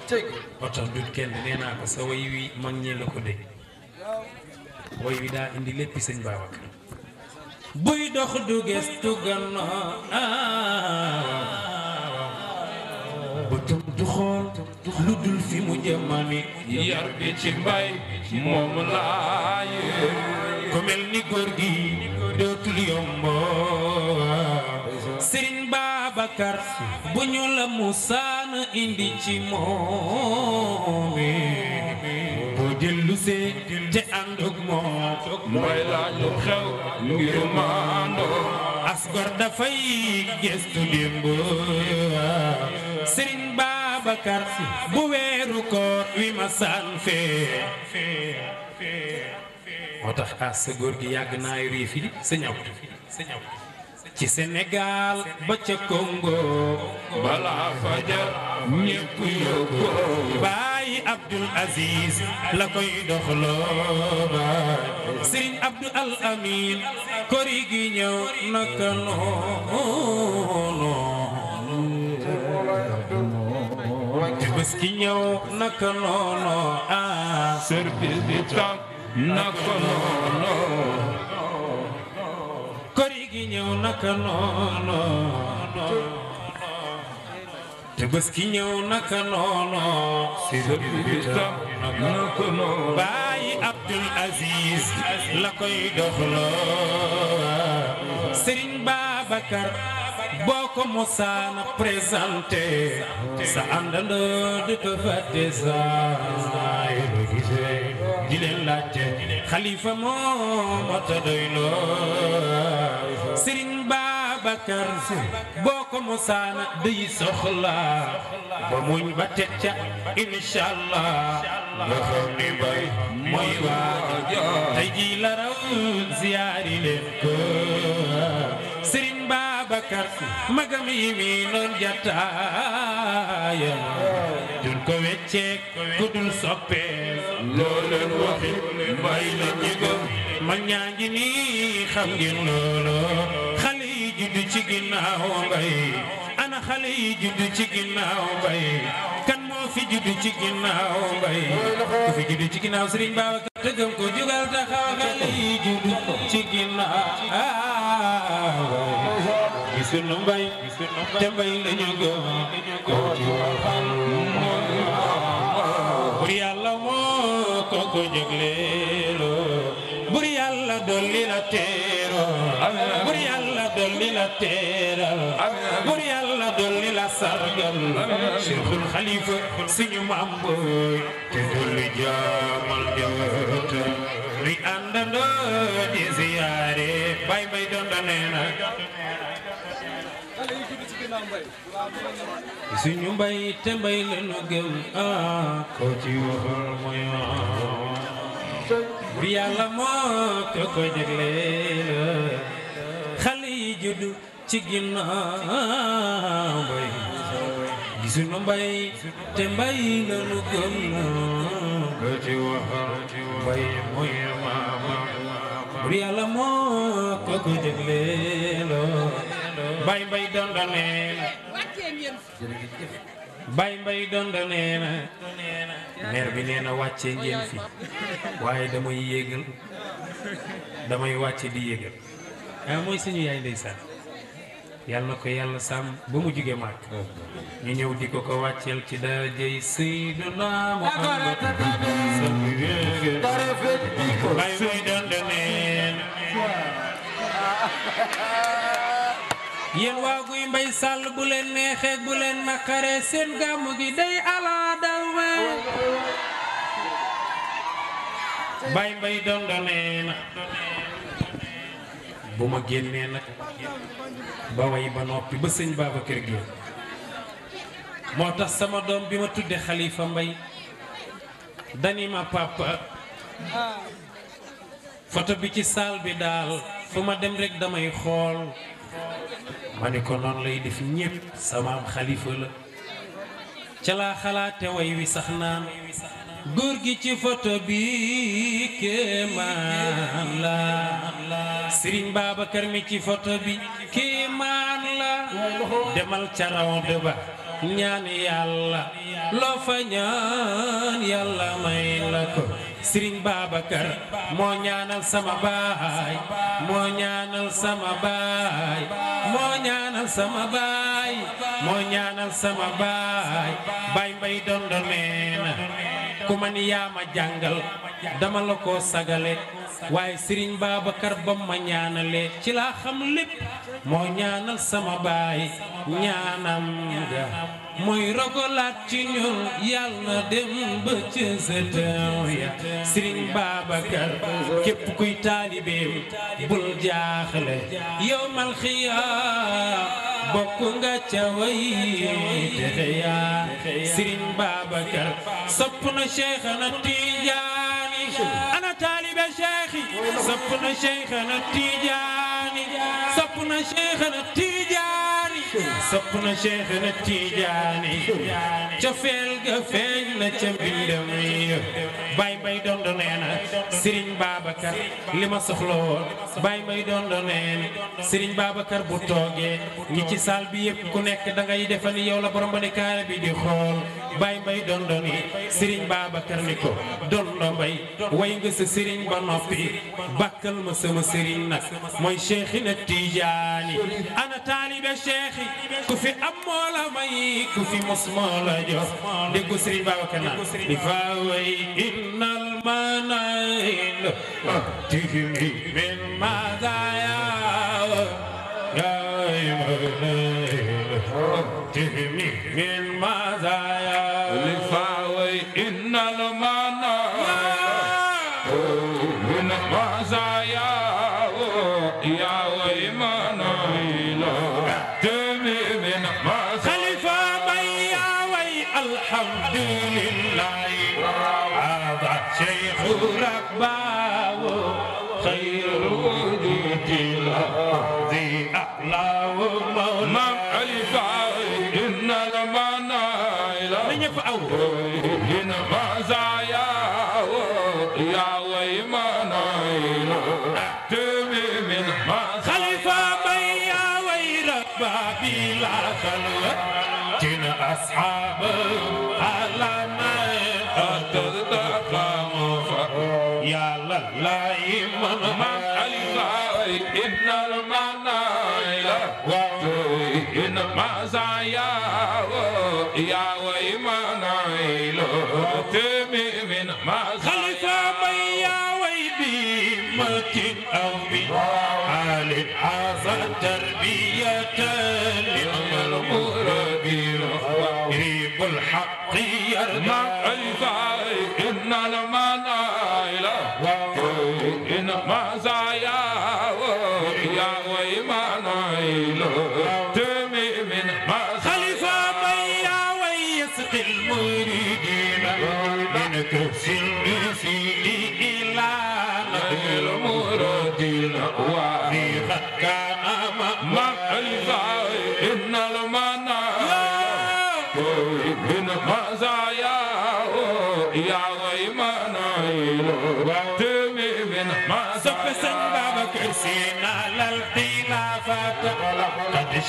tey oto dut kenn nee naa ko sa way wi mag ñee la ko dégg woy wi daa indi léppi sëñ Babacar buy dox du gestu gannaaw bëtam du xool lu dul fi mu jëmami yar bi ci mbay moom laaye ku mel ni góor gi dootul yombo sëriñ Babacar bu ñu la musaan indi ci moomi si te àndug moom mooy laaj xew ngir maandoo asgor dafay gestu démb sëriñ Babacar bu weeru koor wi ma saan moo tax as sa góor gi yàgg naa riif yi sëñ aw ci Sénégal ba ca Congo balaa fajar ñépp yóbbu bàyyi Abdul Aziz la koy doxloo baay Serigne Abdou Amin kori gi ñëw naka noonu di tànk naka noonu ah. kori gi ñëw naka noonu te bés ki ñëw naka noonu sëriñ bi tam naka noonu bàyyi Abdul Aziz la koy doxloo sëriñ Babacar boo ko mosaana présenté sa àndandoo di ko fàtte saa di laa laajte xalifa moo mata doy loo sëriñ Babacar boo ko mosaana day soxla ba muñ ba teg ca inshaallah nga xam bay mooy waajo tey ji la raw ziyaari leen ko sëriñ Babacar magam yi mi noon jataaya ko wecceek ku dul soppeek loolu waxi may la ñi gëm mag ñaa ngi nii xam ngeen loolu xale yi juddu ci ginnaaw mbay ana xale yi juddu ci ginnaaw mbay kan moo fi juddu ci ginnaaw mbay ku fi juddu ci ginnaaw Serigne Babacar tëggam ko jugal taxaw xale yi juddu ci ginnaaw mbay sunu mbay te mbay lañu gëm bur yàlla moo ko ko jégleelo bur yàlla dolli la teero bur yàlla dolli la teero bur yàlla dolli la sargal cheikhul xalifa suñu maam booy te dolli jaamal jawata luy àndandoo di ziyaare bay bay doon da neena suñu bay te bay lanu gëm ah ko ci waxal mooy bu yàlla moo ko ko jagleel xale yi juddu ci ginnaaw bay gisuñu mbay te mbay lanu gëm ko ci waxal mbay mooy maama bu yàlla moo ko ko jagleel bay mbay donda nee na bi nee na wàccee ngeen fi waaye damay yéegal damay wàcce di yéegal ah mooy suñu yaay ndeysaan yàlla na ko yàlla sàmm ba mu jóge màgg ñu ñëw di ko ko wàcceel ci darajey Seydina Muhammad bay mbay donda nee na yéen waa guy mbay sàll bu leen neexee bu leen naqaree seen gàmmu gi day alaa dawme bay mbay dondonee na bu ma génnee nag ba way ba noppi ba sëñ Babacar Gueye moo tax sama doom bi ma tudde xalifa mbay dani ma papa foto bi ci saal bi daal fu ma dem rek damay xool ma ni ko noonu lay def ñépp samaam xalifa la ca laa xalaate way wi sax naan góor gi ci foto bi kéemaan la Sëriñ Babacar mi ci photo bi kéemaan la demal ca rawde ba ñaan yàlla loo fa ñaan yàlla may la ko Sëriñ Babacar moo ñaanal sama baay moo ñaanal sama baay moo ñaanal sama baay moo ñaanal sama baay baay mbay dondo ku man yaa ma jàngal dama la ko sagale waaye sëriñ Babacar ba ma ñaanalee ci laa xam lépp moo ñaanal sama baay ñaanam nga mooy rogolaat ci ñun yàlla na dem ba ca sëtëm ya sëriñ Babacar képp kuy taalibeem bul jaaxle yow mal bokk nga ca way texe yaa sëriñ Babacar sopp na Cheikh ana Tijaani ana Cheikhi sopp na Cheikhana Tijaani sopp na Cheikhana Tijaani sopp na Cheikhana Tijaani cofeel ga feeñ na ca mbindam yi bay bay dondo neena Serigne li ma soxla woon bay bay dondo neena Serigne Babacar bu toogee ñi ci saal bi yëpp ku nekk da ngay defal ni yow la borom ba ne kaara bi di xool bay bay dondo ni Serigne ni ko dondo way nga sa ba nopp نوبي بكل مسمسرين موي شيخنا التيجاني انا طالب شيخي كفي امولا ماي كفي مسمولا جو دي كسرين بابا كنا بفاوي ان المنايل تهمي من مدايا يا مغنيل تهمي من مدايا لفاوي ان المنايل يا لا إيمان من الغاوي إن المنايلة وإن مزايا يا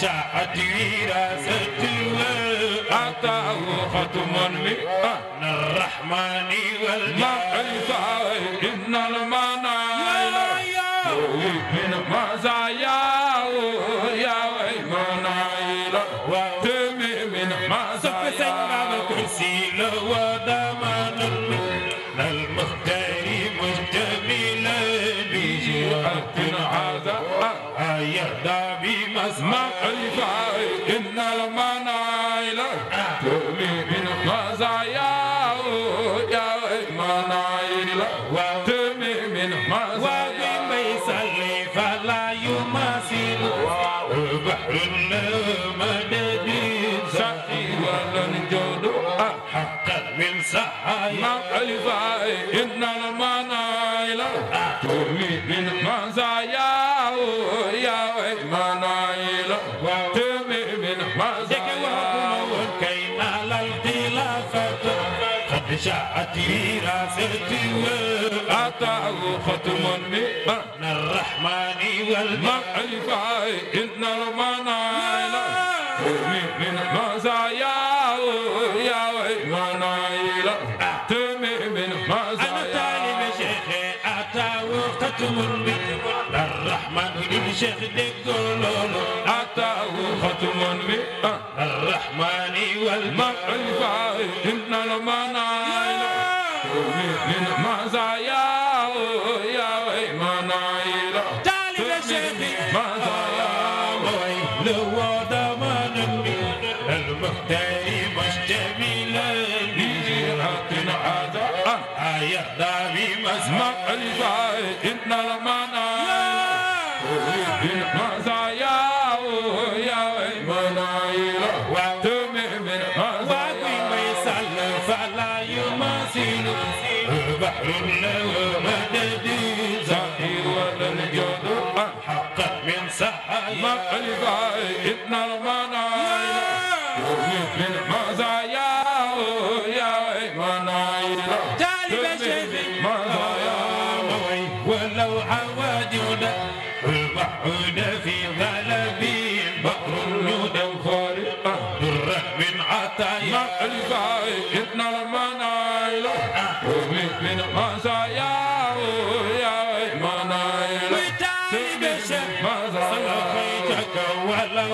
شاعت وراثته أعطاه ختم من الرحمن والمعنى إن المنى يا يا المعرفة إن المنايل قومي من مزايا يا منايل تمي من مزايا أنا طالب شيخي أتاو ختم من الرحمن الرحمن والمعرفة إن المنايل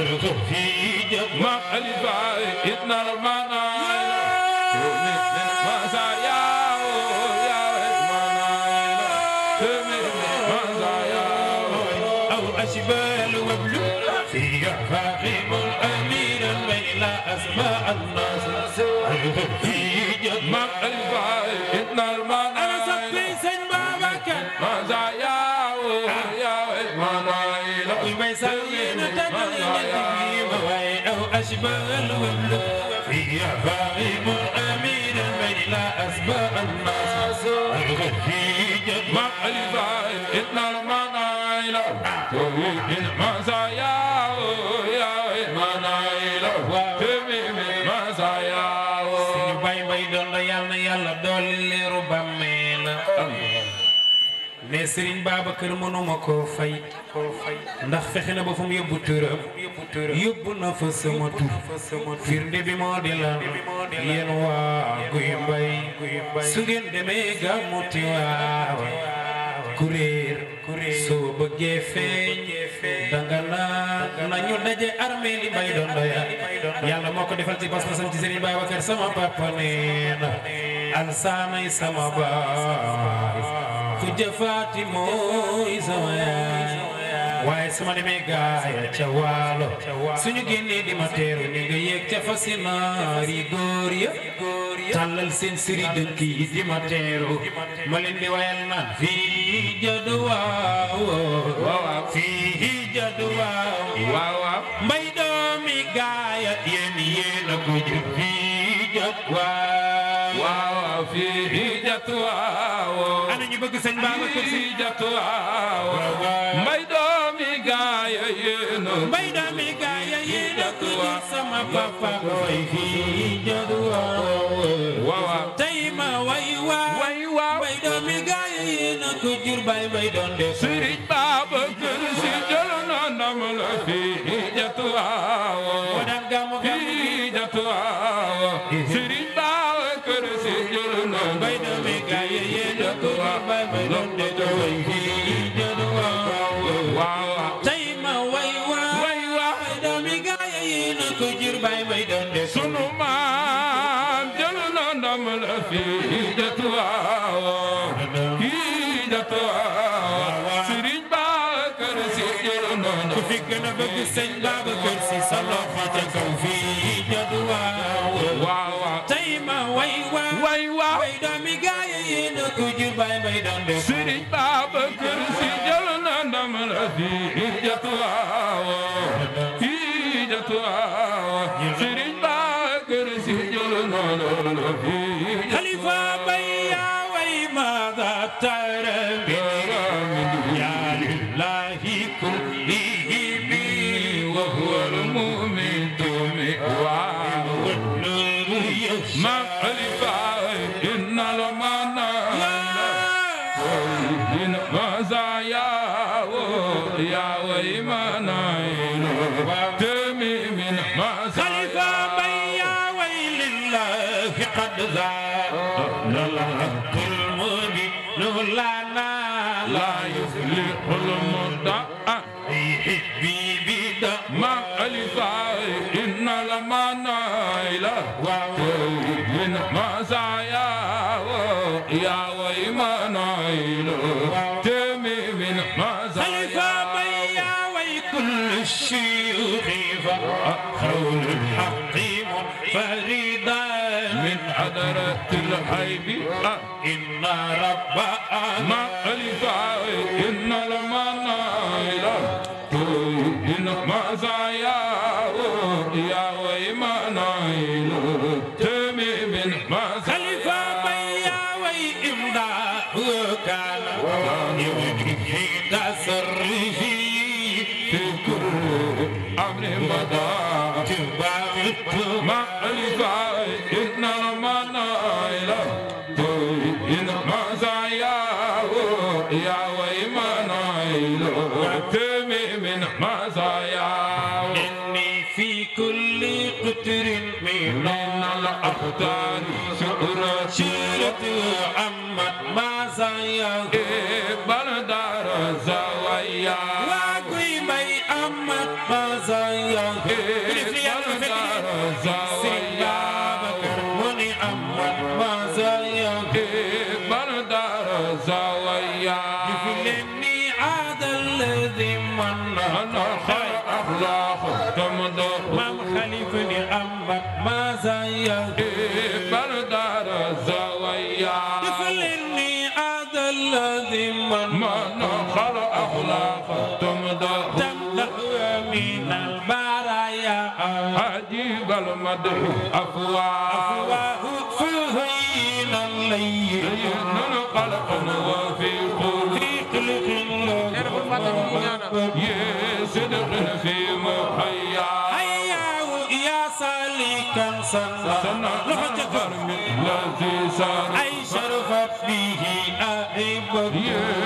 العذر في جمع الباء إذن ربنا أشبال وابلغ فيها فاقم أمين الليل أسماء الناس العذر في جمع الباء إذن ربنا أنا سبي سن بابك ما زايا أجمل وبل في فاهم أمير الميل أسباب الناس الغفي جمع الفائل إن المنايل تروح المزايا mais Serigne Babacar mënuma koo fay ndax fexe na ba fu mu yóbbu turam yóbbu na fa sama tur firnde bi moo di la yéen waa guy mbay su ngeen demee gàmmu Tiwaawan kuréer soo bëggee feeñ danga naa nañu daje armée li bay doon doya yàlla moo ko defal ci pas-pasam ci Serigne Babacar sama papa nee na alsaanay sama baay jafaati mooy sama yaay waaye sama demee gaaya ca waalo suñu génnee di ma teeru ni nga ca fas yi góor ya tàllal seen siri dëkk di ma teeru ma leen di wayal naan fii jadu waaw mbay doomi gaaya yéen yéen a fii jadu waaw fii jadu waaw ngi bëgg sëñ doomi gaay yéen mbay doomi gaay yéen sama papa koy fi jaduwa waawa tey ma way waa way waa mbay doomi gaay yéen ko jur bay mbay doon de sëriñ Babacar Si jël na nam la fi ku jur baay mbay Si jël na ndam la di jatuwaawo يا رب ما والمدح أفواه فهين الليل قلق وفي قلق يا صدق في محياه يا سالكا سنة لحجة الذي سار أي شرفت به أحبك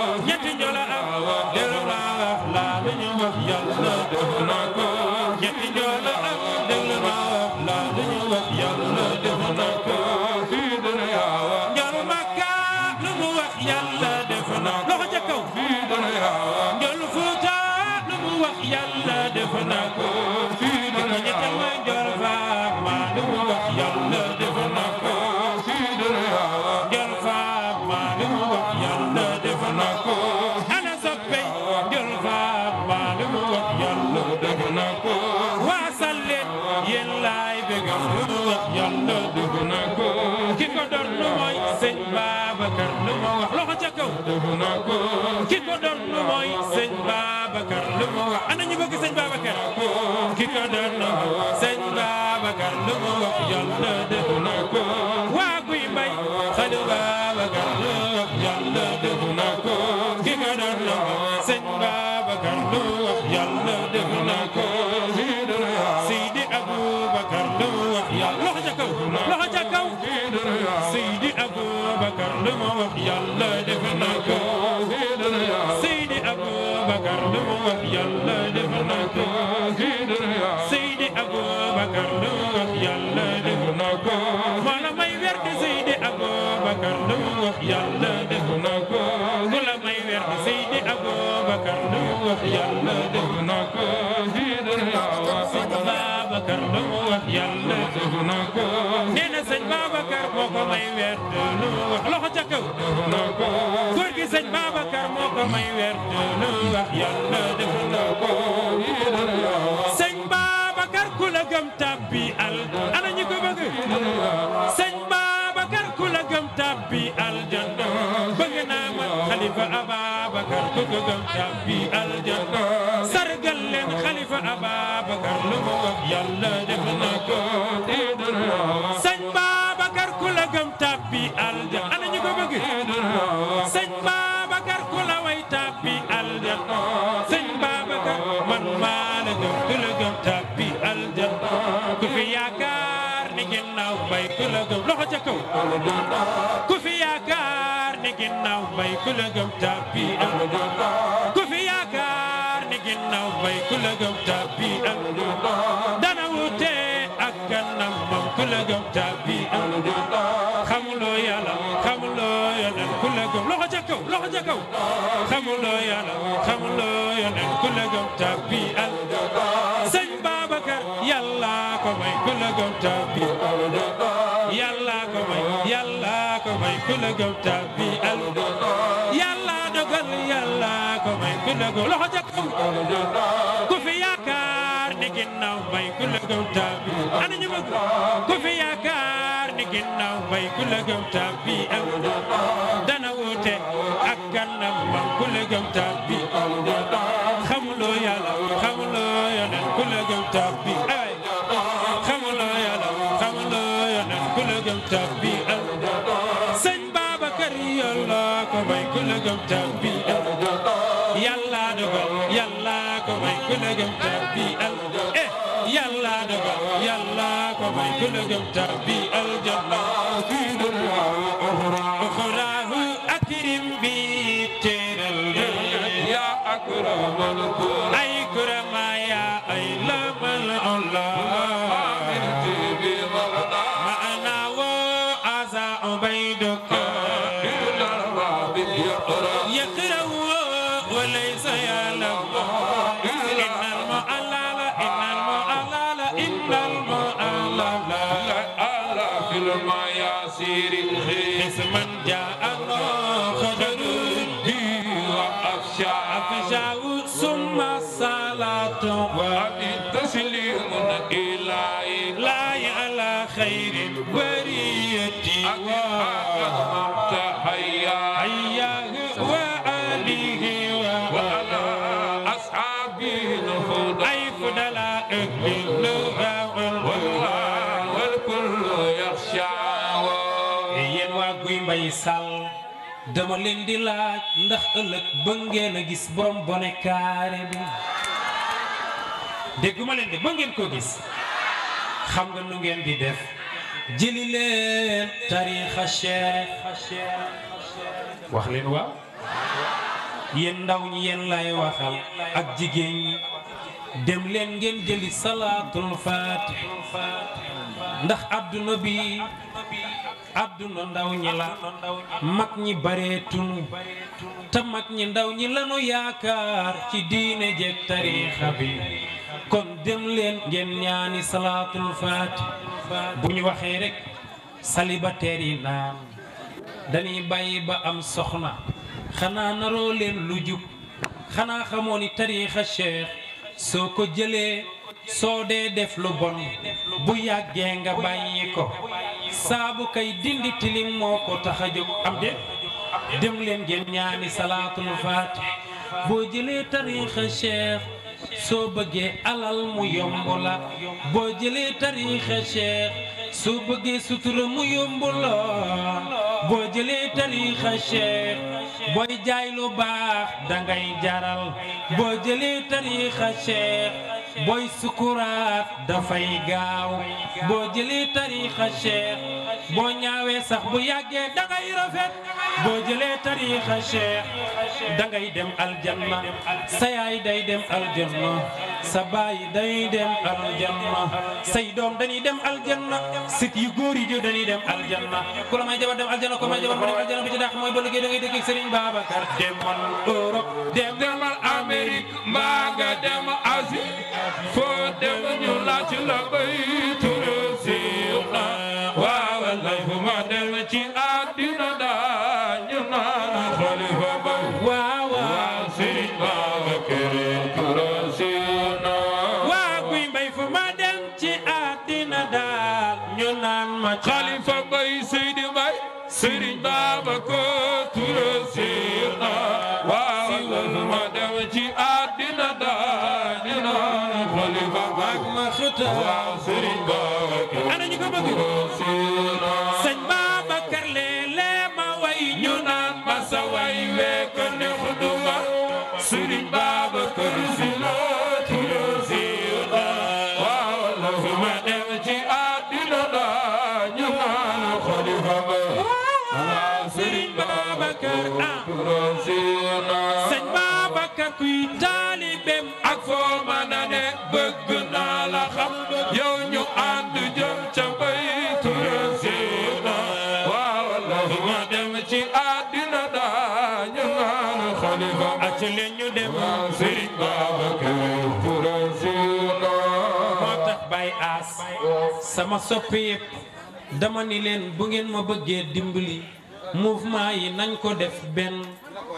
young, young, young, young, kaw ki ko doon mooy sëñ Babacar lu mu wax a ñu bëgg sëñ ki ko doon sëñ lu mu wax yàlla def na ko waa guy mbay xalu Babacar lu mu wax yàlla def na ko ki ko doon sëñ Babacar lu mu wax yàlla def na lu ma wax yàlla def na ko Seydi Aboubacar lu ma wax yàlla def na ko Seydi Aboubacar lu ma wax yàlla def na ko ma la may werd Seydi Aboubacar lu ma wax yàlla def na ko ma la may werd Seydi Aboubacar lu ma wax yàlla def na ko Seydi Aboubacar lu ma wax yàlla def na ko ko may weer loxo ca kaw góor gi sëñ Babacar moo ko may weer wax yàlla defal na ko sëñ Babacar ku la gëm al ana bëgg naa man xalifa Ababacar ku ko gëm tàbbi aljanna sargal leen xalifa Ababacar lu mu wax yàlla def na ko ku fi yaakaar ni ginnaaw bay ku la gëm tàbbi am ku fi yaakaar ni ginnaaw bay ku la gëm tàbbi am dana wute ak kanam moom ku la gëm tàbbi ku la gëm loxo ca kaw loxo ca kaw xamuloo yàlla xamuloo ku la gëm tàbbi am ko may ko may ku la gëm taab bi yàlla dogal dana wuute ak kanam may ku la gëm taab bi tabbiyan sëñ Babacar yàlla ko may ku la gëm tabbiyan yàlla dogal yàlla ko may ku la gëm tabbiyan eh yàlla dogal yàlla ko may ku la gëm tabbiyan janna fi dunya ukhra akrim bi teral ya akramal ay kurama ya ay lamal Allah dama len di laaj ndax ëllëg ba ngeen a gis borom bone kaare bi deguma len di ba ngeen ko gis xam nga nu ngeen di def jëli len tariikha cheikh wax len wa yéen ndaw ñi yéen lay waxal ak jigeen ñi dem len ngeen jëli salatul fatih ndax àdduna bi àdduna ndaw ñi ñi bareetunu te mag ñi ndaw ñi lanu yaakaar ci diine jeeg tariixa bi kon dem leen ngeen ñaani salaatul faati bu ñu waxee rekk salibateer yi naan dañuy bàyyi ba am soxna xanaa naroo leen lu jub xanaa xamoo ni tariixa cheikh soo ko jëlee soo dee def lu bon bu yàggee nga bàyyi ko saabu kay dindi tilim moo ko tax a jóg am de dem leen ngeen ñaani salaatul faati boo jëlee tariixa cheikh soo bëggee alal mu yomb la boo jëlee tariixa cheikh soo bëggee sutura mu yomb la boo jëlee tariixa cheikh booy jaay lu baax dangay jaral boo jëlee tariixa cheikh booy sukuraat dafay gaaw boo jëlee tariixa cheikh boo ñaawee sax bu yàggee dangay rafet boo jëlee tariixa cheikh dangay dem aljanna sa yaay day dem aljanna sa baay day dem aljanna say doom dañuy dem aljanna sit yu góor yi dañuy dem aljanna ku la may jabar dem aljanna ku la may jabar dem aljanna bu ci dàq mooy ba liggéey dangay dëkk ak Sëriñ Babacar demal Europe dem demal Amérique mbaa nga dem Asie foo dem ñu laaj la bay Babacar ah sëñ Babacar kuy taalibeem ak foo mën a ne bëgg naa la xam yow ñu ànd jëm ca baytu rasina waaw la ma dem ci àddina daañu naan xalifa ak ci leen ñu dem sëriñ Babacar rasina moo bay aas sama soppi ngeen ma bëggee dimbali mouvement yi nañ ko def benn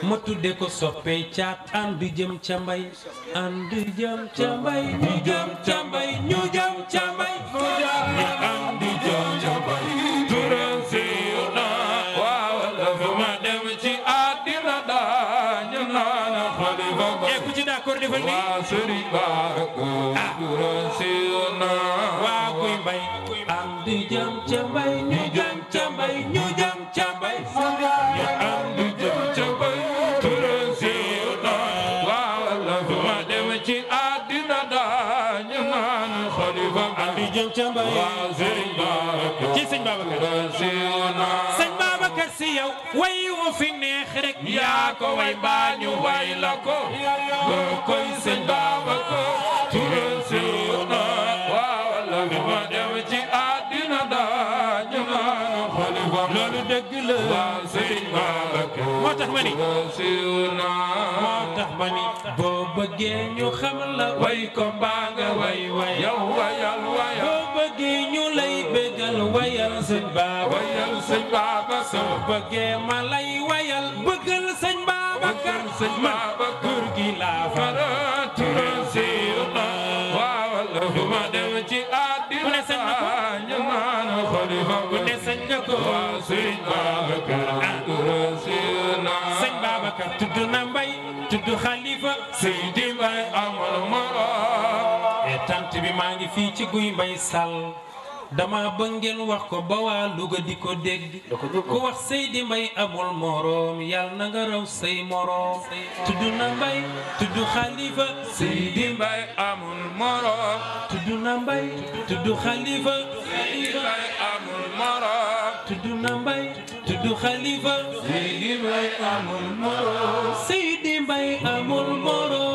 ma tudde ko soppee caat ànd jëm ca mbay ànd jëm ca mbay ñu jëm ca mbay ñu jëm ca mbay ñu jëm ca mbay ñu naan xalifa eh, ah. mbay ànd jëm ca mbay ci sëñ Babacar sëñ Babacar way wu fi neex rek way mbaa ñu way la ko loo koy sëñ Babacar ture siw na waaw la bi ma dem ci àddina daañu naan xalifa loolu dëgg la sëñ Babacar moo tax ma ni siw way ko way way yow sëñ baaba wayal sëñ baaba soo bëggee ma lay wayal bëggal sëñ Babacar sëñ baaba kër gi laa faral turan siir na waawal du ma dem ci àddina ñu naan xalifa bu ne sëñ na ko waa sëñ Babacar ah. turan siir na sëñ Babacar tudd na mbay tudd xalifa sëñ di mbay amal bi maa ngi fii ci guy mbay sal dama ba ngeen wax ko ba waa Louga di ko dégg ku wax Seydi Mbaye amul moroom yàlla na nga raw say na Mbaye tudd Khalifa Seydi Mbaye amul moroom tudd na Mbaye tudd Khalifa Seydi Mbaye amul moroom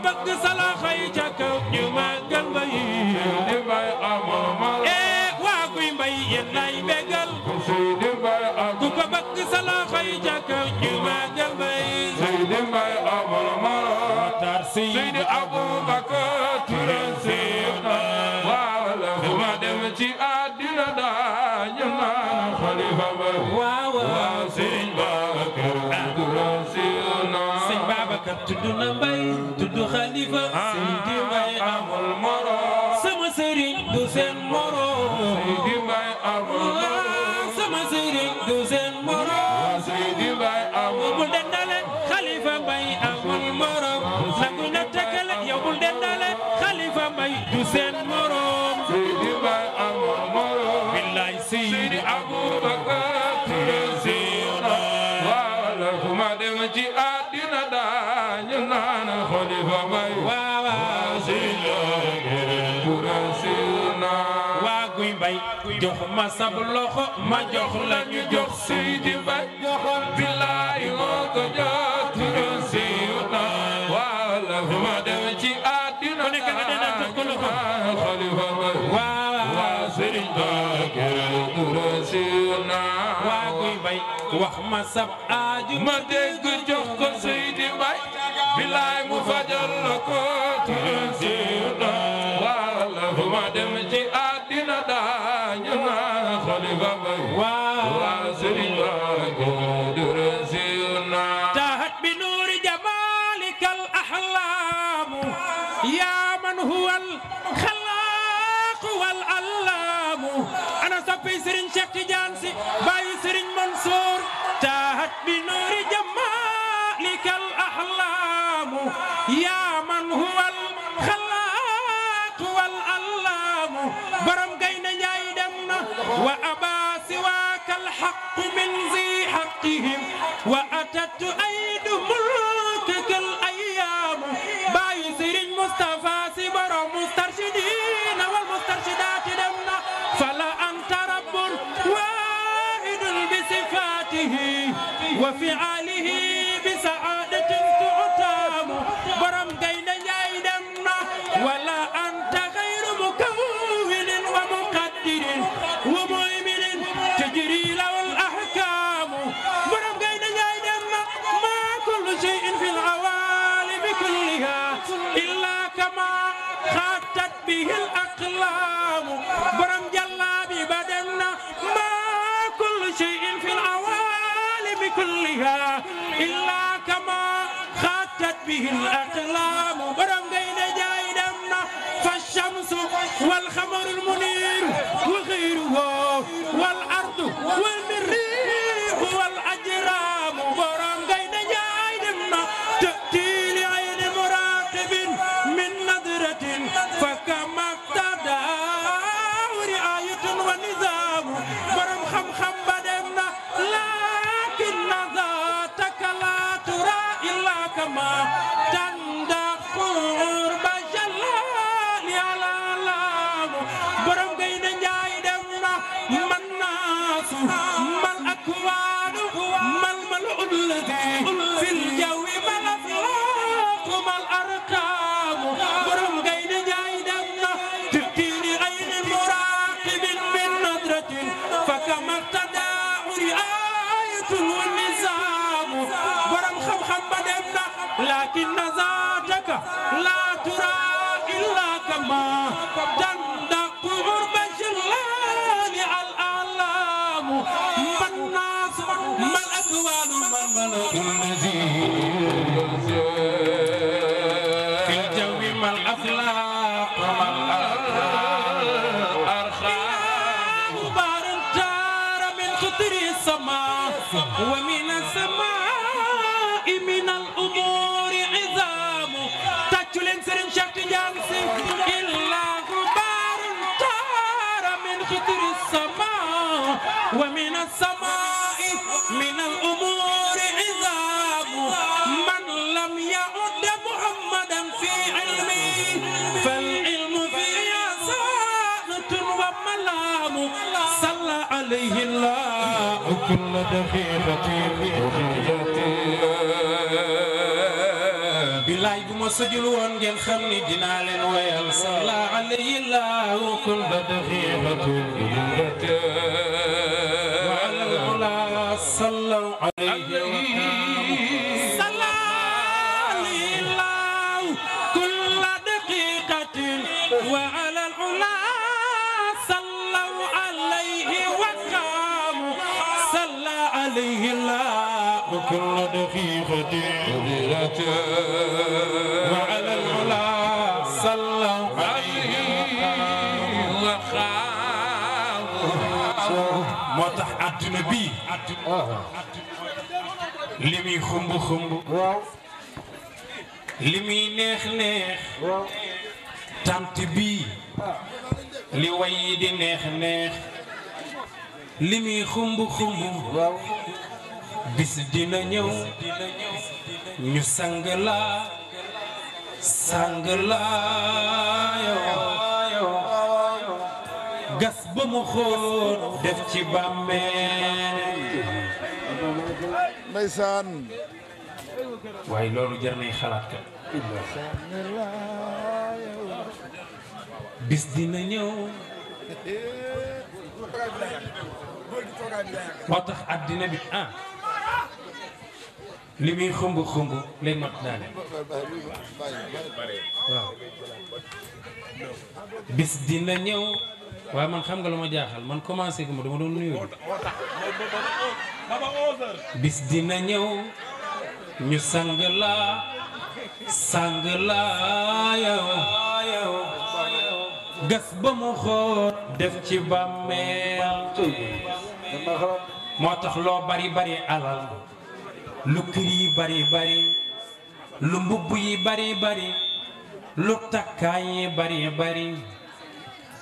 nga bëgg salaaxa yi ma yi di ee waa kuy mbay yéen lay bégal ku ko bëgg salaaxa yi ca kaw ñu màggal ma yi Seydi e Mbay amoo ma Matar kilifa Seydi Mbaye amul moroom sama sëriñ du seen moroom Seydi Mbaye amul amul bul dendale Khalifa Mbaye amul moroom nangu na tekkale yow dendale Khalifa Mbaye du seen moroom jox ma sab loxo ma jox la ñu jox suy di bay jox doon siiw na ma dem ci àddina ne ka dana jox ko loxo xalifa ba waaw waaw sëriñ ba kere waa kuy bay wax ma sab aaju ma dégg jox ko suy di bay bilaay mu fajal la ko الحق من ذي حقهم وأتت أيد ملكك الأيام بايسر المصطفى سبر مسترشدين والمسترشدات دمنا فلا أنت رب واحد بصفاته وفعاله إلا كما خاتت به الأقلام برم دين فالشمس والخمر المنير وغيره والأرض والمريض لا ترى إلا كما تندق عرب جلال الأعلام ما الناس ما الأكوان ما الملك النذير في الجو ما الأخلاق ما الأرخام بار من قطر السماء ومن السماء السماء من الأمور عظام من لم يعد محمدا في علمه فالعلم في سانة وملام صلى عليه الله كل دقيقة bilaay bu ma sojul woon ngeen xam ni dinaa leen woyal salla alayhi llahu kulla daqiqatin عليه صلى الله كل دقيقة وعلى العلا صلوا عليه وقاموا صلى عليه الله كل دقيقة وعلى العلا صلوا عليه وقاموا moo tax àdduna li muy xumb xumb. li muy neex neex. waaw. bii. li way yi di neex neex. li muy xumb xumb. waaw. bis dina ñëw. ñu sang la sang laa gas ba mu xóot def ci bàmmeel. ليسان واي لولو جيرني خلات كا بس دينا نيو واتخ ادينا بي ان لمي خمب خمب لي متنان بس دينا نيو waaye man xam nga luma jaaxal man commencé ko dama don nuyu bis dina ñew ñu sang la sang la yow gas ba mu xor def ci bamé moo tax bari bari alal lu kiri bari bari lu buyi bari bari lu takkay bari bari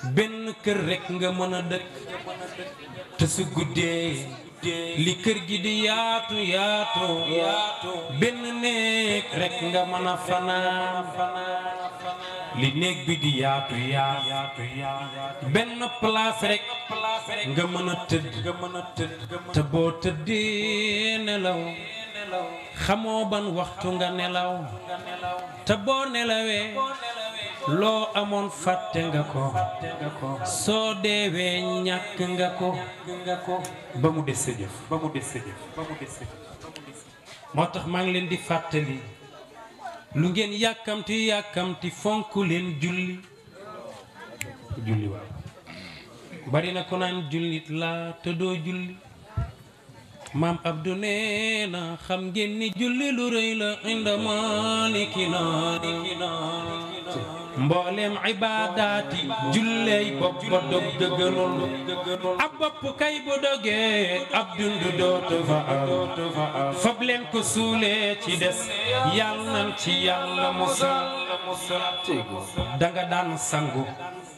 benn kër rek nga mën a dëkk te su guddee li kër gi di yaatu yaatu benn néeg rek nga mën a fanaan li néeg bi di yaatu yaatu benn place rek nga mën a tëdd te boo tëddee nelaw xamoo ban waxtu nga nelaw te nelawee loo amoon fàtte nga ko soo deewee ñàkk nga ko ba mu des sa ba mu des sa moo tax maa ngi leen di fàttali lu ngeen yàkkamti yàkkamti fonk leen julli julli ko naan jullit laa te julli maam Abdou nee na xam ngeen ni julli lu rëy la inda maalikina mbooleem ibaadaati julley bopp ba dog dëgganul ab bopp bu dogee ab dund dootu fa am fab leen ko suulee ci des yàlla nan ci yàlla musal danga daan sangu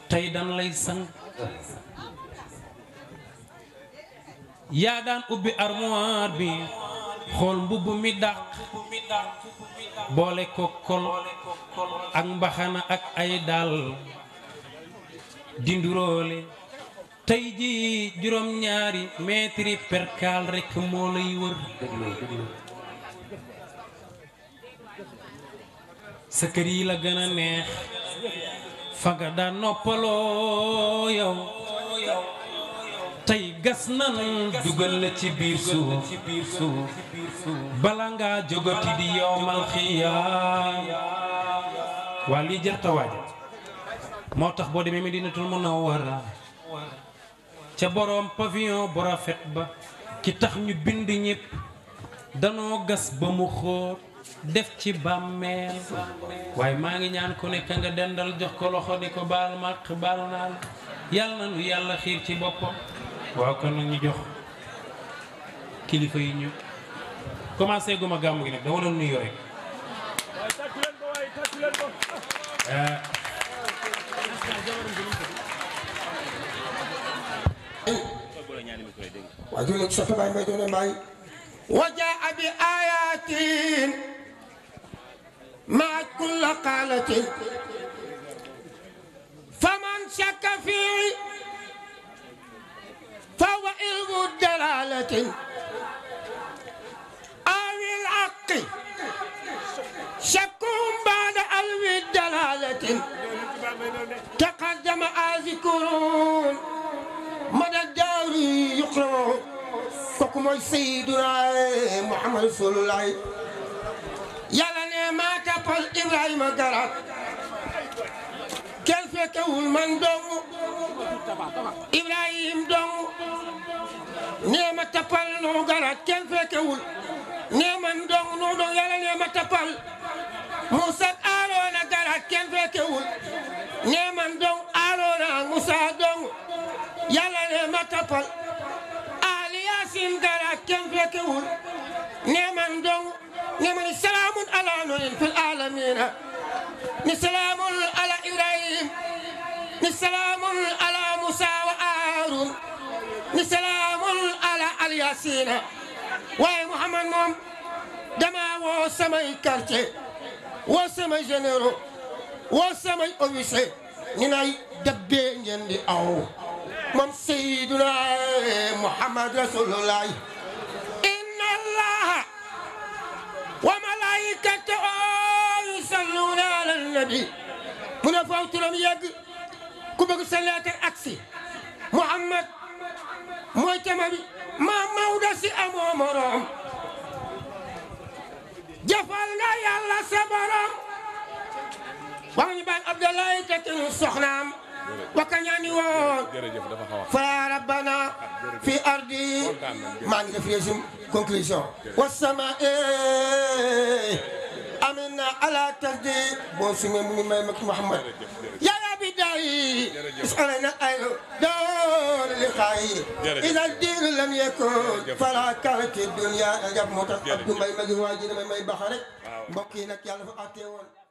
tey dan lay sang yaa daan ubbi armoire bi xool mbubb mi dàq boole ko kol ak mbaxana ak ay dàll dinduroole tey ji juróom ñaari mètre perkaal rekk moo lay wër sa kër yi la gën a neex fa nga daan noppaloo yow tay gas nañu dugal la ci biir suuf bala ngaa jogoti di yowmal mau wali lii jarta waaja moo tax boo Medinatul Munawwara ca borom pavillon bu rafet ba ki tax ñu bind ñep dano gas ba mu xoor def ci bammel way ma ngi ñaan ku nekk nga dendal jox ko loxo di bal mak bal baal yalla nu yalla xir ci bopam waaw kon nag ñu jox kilifa yi ñu commencé guma gàmmu gi nag dama doon nuyu rek waa jërëjëf soxna Baye may doon may wajaa abi ayatin maa kulla qaalatin faman shakka fii فهو علم الدلالة أو الحق شك بعد علم الدلالة تقدم آذكرون مدى الدور يقرأه كوكما سيدنا محمد صلى الله عليه وسلم يلا ما كفل إبراهيم قرأ kelfe kawul man dongu ibrahim dongu nema tapal no gara kelfe kawul neman dongu no don yala nema tapal musa arona gara kelfe kawul neman dong arona musa dongu yala nema tapal ali yasin gara kelfe kawul neman dongu neman salamun ala nuhin fil alamina نسلام على إبراهيم نسلام على موسى وآرون نسلام على الياسين waaye Mouhamad moom damaa woo samay quartier woo samay généraux woo samay officier ñu nay dabbee ngeen di aw moom Seydina Mouhamad Rasulullah inna allah وملائكته يصلون على النبي بلا فوت لم يجد كبر صلاة أكسي محمد محمد ما مودا سي أمامرهم جفالنا يا الله صبرهم وعن بان عبد الله كتن سخنام wakañaani woon fa rabbana fi ardi maa ngi def résumé conclusion wasama amina ala tasdi boo sumee mu ngi may mak Muhammad ya rabbi daay is'alna ay door li xaay ila diir lam yakun fala kaati dunya jab moo tax ak du may magi waa ji damay may baxa rek mbokk yi nag yàlla fa àttee